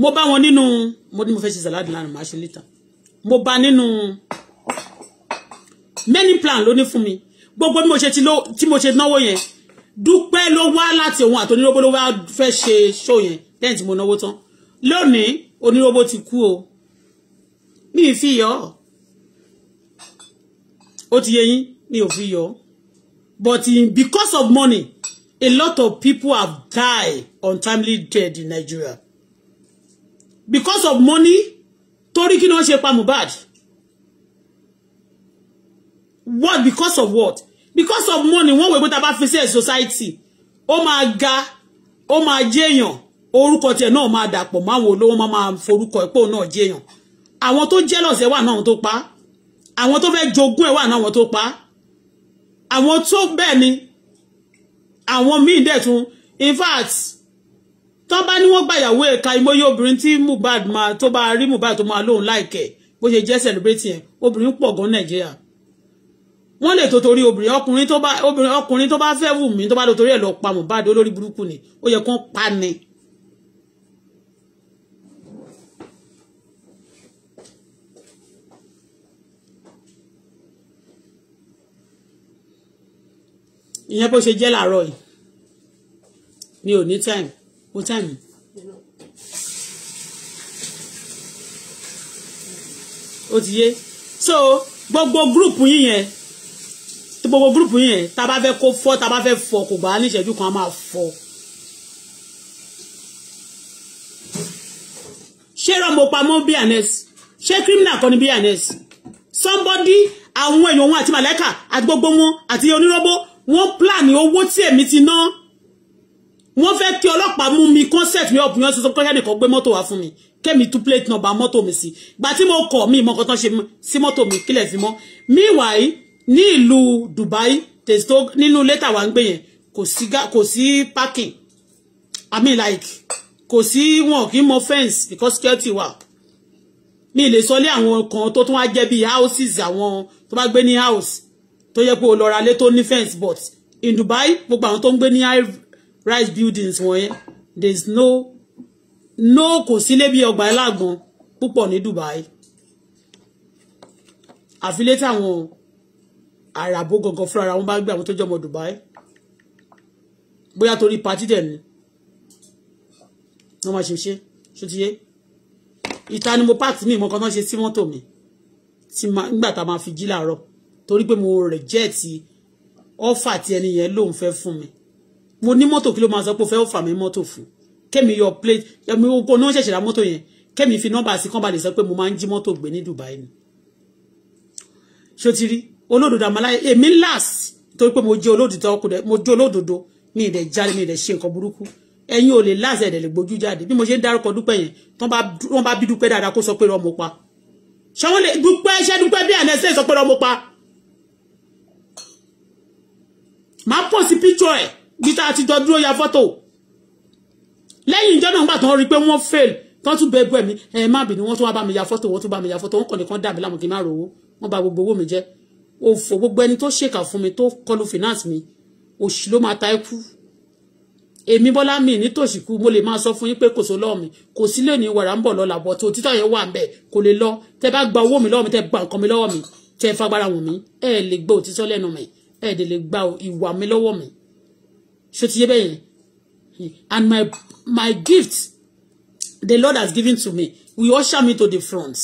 Speaker 1: mo bá wọn nínú mo ní mo fẹ́ ṣe salad lánàá màá ṣe lítà mo bá nínú many plan ló ní fún mi gbogbo bí mo ṣe tí mo ṣe náwó yẹn dúpẹ́ ló wá láti òun àti oníròbó ló wá fẹ́ ṣe ṣó yẹn lẹ́yìn tí mo náwó tán lónìí oníròbó ti kú o mi ì fi yọ ó ti yé yín mi ò fi yọ but in, because of money a lot of people have died untimely dead in Nigeria because of money torí kí ni wọ́n ṣe pa Mohbad what because of what because of money wọ́n wẹ̀ pé ta bá fi sí ẹ̀ society ó máa ga ó máa jẹ́yàn orúkọ tiẹ̀ náà máa dàpọ̀ máwọn olówó máa máa forúkọ ẹ̀ pé òun náà jẹ́yàn àwọn tó jealous ẹ̀ wà náà tó pa àwọn tó fẹ́ jogún ẹ̀ wà náà tó pa àwọn tó bẹ́ẹ̀ ni àwọn míì dẹ̀ tún in fact tán bá ní wọ́n gbàyàwó ẹ̀ka ìmọ̀ye obìnrin tí Mohbad máa tó bá rí Mohbad tó máa lóun láìkẹ́ bó ṣe jẹ́ celebrate yẹn obìnrin pọ̀ gan Nàìjíríà wọ́n lè tó torí obìnrin ọkùnrin tó bá obìnrin ọkùnrin tó bá fẹ́ wù mí tó bá lọ torí ẹ̀ lọ pa Mohbad olórí burúkú ni ó yẹ kán pa ni. ìyẹn bó ṣe jẹ́ làárọ̀ yìí mi ò ní time What time? ó ti yé so gbogbo gúrùpù yín yẹn gbogbo gúrùpù yín yẹn tá a bá fẹ́ kó fọ́ tá a bá fẹ́ fọ́ kò gbà ní ìṣẹ́jú kan á máa fọ́. ṣé rọmọ pamọ́ bí anes ṣé criminal kan ni bí anes somebody àwọn èèyàn wọn àti màlẹ́kà àti gbogbo wọn àti onírọ́bó wọn plan owó tí èmi ti ná. No wọ́n fẹ́ kí ọlọ́pàá mú mi concept mi ọ̀pùn yẹn sọ pé kẹ́nìkan gbé mọ́tò wá fún mi kẹ́mi tú plate number mọ́tò mi sí gba tí mo kọ̀ mí mọ́kàn tán ṣe sí mọ́tò mi kílẹ̀ fi mọ́ meanwhile ní ìlú Dubai tèso nínú lẹ́tà wa ń gbé yẹn kò sí kò sí parking i mean like kò sí wọn kì í mọ fence because security wà mi lè sọ lé àwọn kan tó tún wá jẹ́ bíi houses àwọn tó bá gbé ní house tó yẹ pé o lọ ra lé tó ní fence but in Dubai gbogbo àwọn tó ń gbé ní rice buildings wọ̀nyẹn there is no no kò sílé bí ọgbà alágbọn púpọ̀ ní Dubai àfilé táwọn àràbó gangan fúnra wọn bá gbé àwọn tó jọmọ Dubai bóyá torí patí dẹ̀ ni wọ́n máa ṣe ṣe ṣó ti yé mo pààtì mi ìmọ̀ kan náà ṣe sí mọ́tò mi tí nígbà tá a máa fi jí làárọ̀ torí pé mo reject ọ̀fà tí ẹni yẹn lòun fẹ́ fún mi mo ní moto kí ló máa sọ pé o fẹ́ fà mí mọ́tò fún kẹ́mi yọ plate ẹ̀mi oko náà ṣẹ̀ṣẹ̀ ra mọ́tò yẹn kẹ́mi fi nọ́mbà sí kán ba lè sọ pé mo máa ń jí mọ́tò gbé ní Dubai ni ṣó ti rí olódodo àmàláyé èmi last torí pé mo jẹ́ olódodo ọkùnrin mo jẹ́ olódodo mi de jale jáde mi ì dẹ̀ ṣe nǹkan burúkú ẹ̀yin ò lè láṣẹ ẹ̀dẹ̀ lè gbójú jáde bí mo ṣe ń dárúkọ dúpẹ́ yẹn tán bá bí dúpẹ́ dáadáa kó sọ pé rọmọ pa ṣọwọ́n lè dúpẹ́ iṣẹ́ dúpẹ́ bí àná ẹsẹ̀ sọ pé rọmọ pa máa pọ̀ sí píjọ ẹ̀ bí tá a ti jọ dúró ya fọ́tò lẹ́yìn ìjọ náà gbà tán rí i pé wọ́n fail tán tún bẹ́ẹ̀ bú ẹ̀mí ẹ̀ má bínú wọ́n tún wá bá mi ya fọ́tò wọ́n tún bá mi ya fọ́tò wọ́n kàn nìkan dà mí láwọn kì í má rówó wọ́n bà gbogbo owó mi jẹ́ òfò gbogbo ẹni tó ṣèkà fún mi tó kọlu finance mi òṣì ló máa ta ẹ́ kú èmi bọ́lá mi nítòsí kú mo lè máa sọ fún yín pé kò sọ lọ́ọ̀ mi kò sí lè ní wàrà ń bọ̀ lọ́la bọ̀ tó títà yẹn wà ń bẹ̀ kò lè lọ tẹ bá gba owó mi lọ́wọ́ mi tẹ gba nǹkan mi lọ́wọ́ mi tẹ fagbára wọ̀n mi ẹ lè gbọ́ òtítọ́ lẹ́nu mi ẹ dẹ̀ lè gba ìwà mi lọ́wọ́ mi ṣó ti yé bẹ́ẹ̀ and my my gift the Lord has given to me will usher me to the front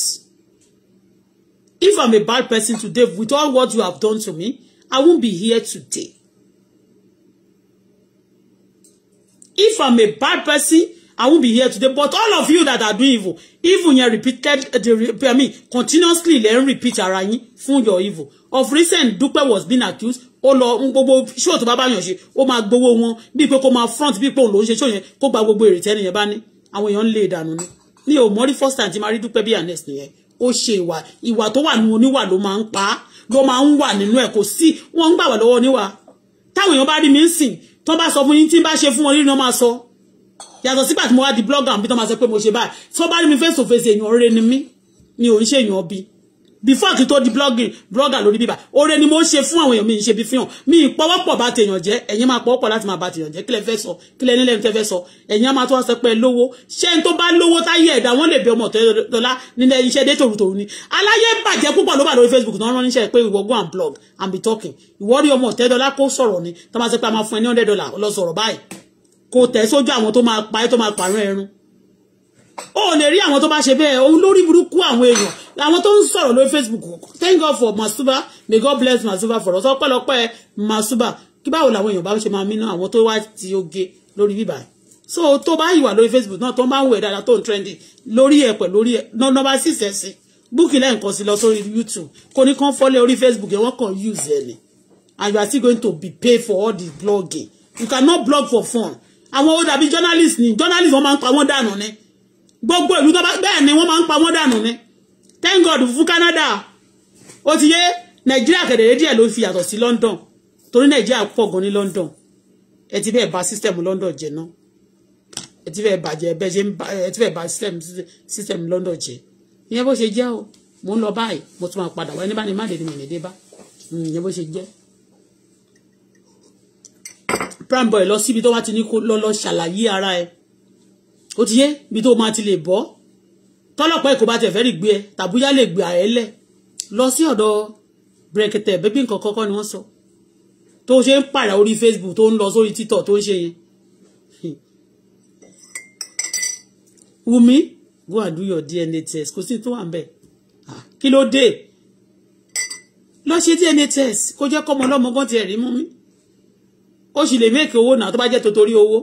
Speaker 1: if I'm a bad person today with all what you have done to me I won't be here today if I'm a bad person I won't be here today. But all of you that are doing evil, even yẹn repeated, the, I mean, continuously lẹ repeat ara yín fún your evil. Of recent, Dupe was being accused ó lọ ń gbogbo ṣóò tó bá bá yàn ṣe ó máa gbowó wọn bíi pé kó máa front bíi pé òun ló ń ṣe ṣóò yẹn kó gba gbogbo èrè tẹ́ni yẹn bá ní àwọn èèyàn ń lé ìdànù e ni ní o mọ́rí first time tí máa rí dúpẹ́ bí ernest nìyẹn ó ṣe ìwà ìwà tó wà nínú oníwà ló máa ń pa á ló máa ń wà nínú ẹ̀ kò sí wọ́n ń gbà wà lọ́wọ́ oníwà táwọn èèyàn bá rí mi ń sìn tó bá sọ fún yín tí bá ṣe fún wọn rí náà máa sọ yàtọ̀ sígbà tí mo wá di blogger àbí tó máa sọ pé mo ṣe báyìí tó bá rí mi face to èèyàn rere ni mí mi ò ṣèèyàn bíi before kí tó di blogger lórí bíbà oore ni mo ṣe fún àwọn èèyàn mi ṣe bí fihàn mi ìpọwọ́pọ̀ bá tèèyàn jẹ́ ẹ̀yin máa pọwọ́pọ̀ láti máa bá tèèyàn jẹ́ kílẹ̀ fẹ́ so, kílẹ̀ nílẹ̀ nílẹ̀ fẹ́ sọ ẹ̀yin á ma tó wá sọ pé lówó ṣé n tó bá lówó táyé ẹ̀dá wọ́n lè bẹ ọmọ tọ́lá nílẹ̀ iṣẹ́ dé tòru tòru ni aláyé bàjẹ́ púpọ̀ ló bà lórí Facebook náà rán níṣẹ́ pé ìwọ go and blog and be talking ìwọ rí ọmọ tẹ́dọ́lá kó sọ̀rọ̀ ni tó máa sọ pé a máa fún ẹ ní hundred dollar lọ sọ̀rọ̀ báyìí kò tẹ̀ sójú àwọn tó máa pa ẹ́ tó máa pààrọ̀ ẹrun ó lè rí àwọn tó bá ṣe bẹ́ẹ̀ òun lórí burúkú àwọn èèyàn àwọn tó ń sọ̀rọ̀ lórí Facebook thank God for masuba may God bless masuba for us ọpẹ́lọpẹ́ masuba kí báwo làwọn èèyàn bá ṣe máa mí náà àwọn tó wá ti oge lórí bíbá so tó bá ìwà lórí Facebook náà tó ń bá ń wẹ̀ dáadáa tó ń trendy lórí ẹ̀ pẹ̀ lórí ẹ̀ nọ́mbà six ẹ̀ sí búùkì lẹ́yìn sí lọ sórí YouTube kò ní kán fọ́lé orí Facebook ẹ̀ wọ́n kàn use ẹ̀ and you are still going to be paid for all the blogging you cannot blog for fun àwọn ó dàbí journalist ni journalist wọn máa ń pa wọn dànù ni gbogbo ìlú bẹ́ẹ̀ ni wọ́n máa ń pa wọ́n dànù ni thank God fún Canada ó ti yé Nàìjíríà kẹ̀dẹ̀rẹ́ díẹ̀ ló fi yàtọ̀ sí London torí Nàìjíríà pọ̀ gan ní London ẹ ti bẹ́ẹ̀ bà system London jẹ́ náà ẹ ti bẹ́ẹ̀ bàjẹ́ ẹ bẹ́ẹ̀ ṣe ń bà ẹ ti bẹ́ẹ̀ bà system system London jẹ́ ìyẹn bó ṣe jẹ́ o mo ń lọ báyìí mo tún máa padà wá ẹni bá ní má dé ni mi ní dé bá hmm, ìyẹn bó ṣe jẹ́ prime boy lọ síbi tó wá ti ní kó lọ lọ ṣàlàyé ara ẹ ó ti yé ibi tó máa ti lè bọ́ tọ́lọ́pàá èkó bá tẹ̀ fẹ́ rí gbé ẹ tàbúyá lè gbé ààrẹ lẹ̀ lọ sí ọ̀dọ̀ brèkìtẹ̀ bébí nǹkan kọ́kọ́ ni wọ́n sọ tó ṣe ń pààrà orí Facebook tó ń lọ sórí títọ̀ tó ń ṣe yẹn Wumi go and do your DNA test kò sí tó wà ń bẹ̀ ah, kí ló dé lọ ṣe DNA test kó jẹ́ kọ́mọ ọlọ́mọ gan ti ẹ̀rí mú mi ó sì lè méèkì owó náà tó bá jẹ́ torí owó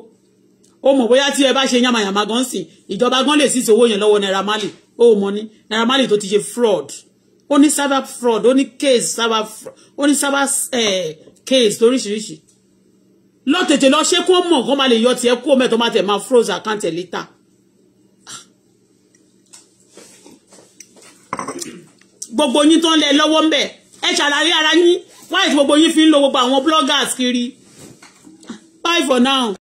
Speaker 1: ó mọ̀ bóyá tí ẹ bá ṣe yamayama gan sìn ìjọba gan lè sí ìṣòwò yẹn lọ́wọ́ Naira Marley ó mọ̀ ní Naira Marley tó ti ṣe fraud ó ní cyber fraud ó ní case cyber ó ní cyber eh, case lóríṣiríṣi lọ tètè lọ ṣé kó mọ̀ kó má lè yọ tiẹ̀ kó mẹ́tọ́ má tẹ̀ máa froze account ẹ̀ later. gbogbo yín tó ń lẹ lọ́wọ́ ń bẹ̀ ẹ ṣàlàyé ara yín wáyé gbogbo yín fi ń lo gbogbo àwọn bloggers kiri bye for now.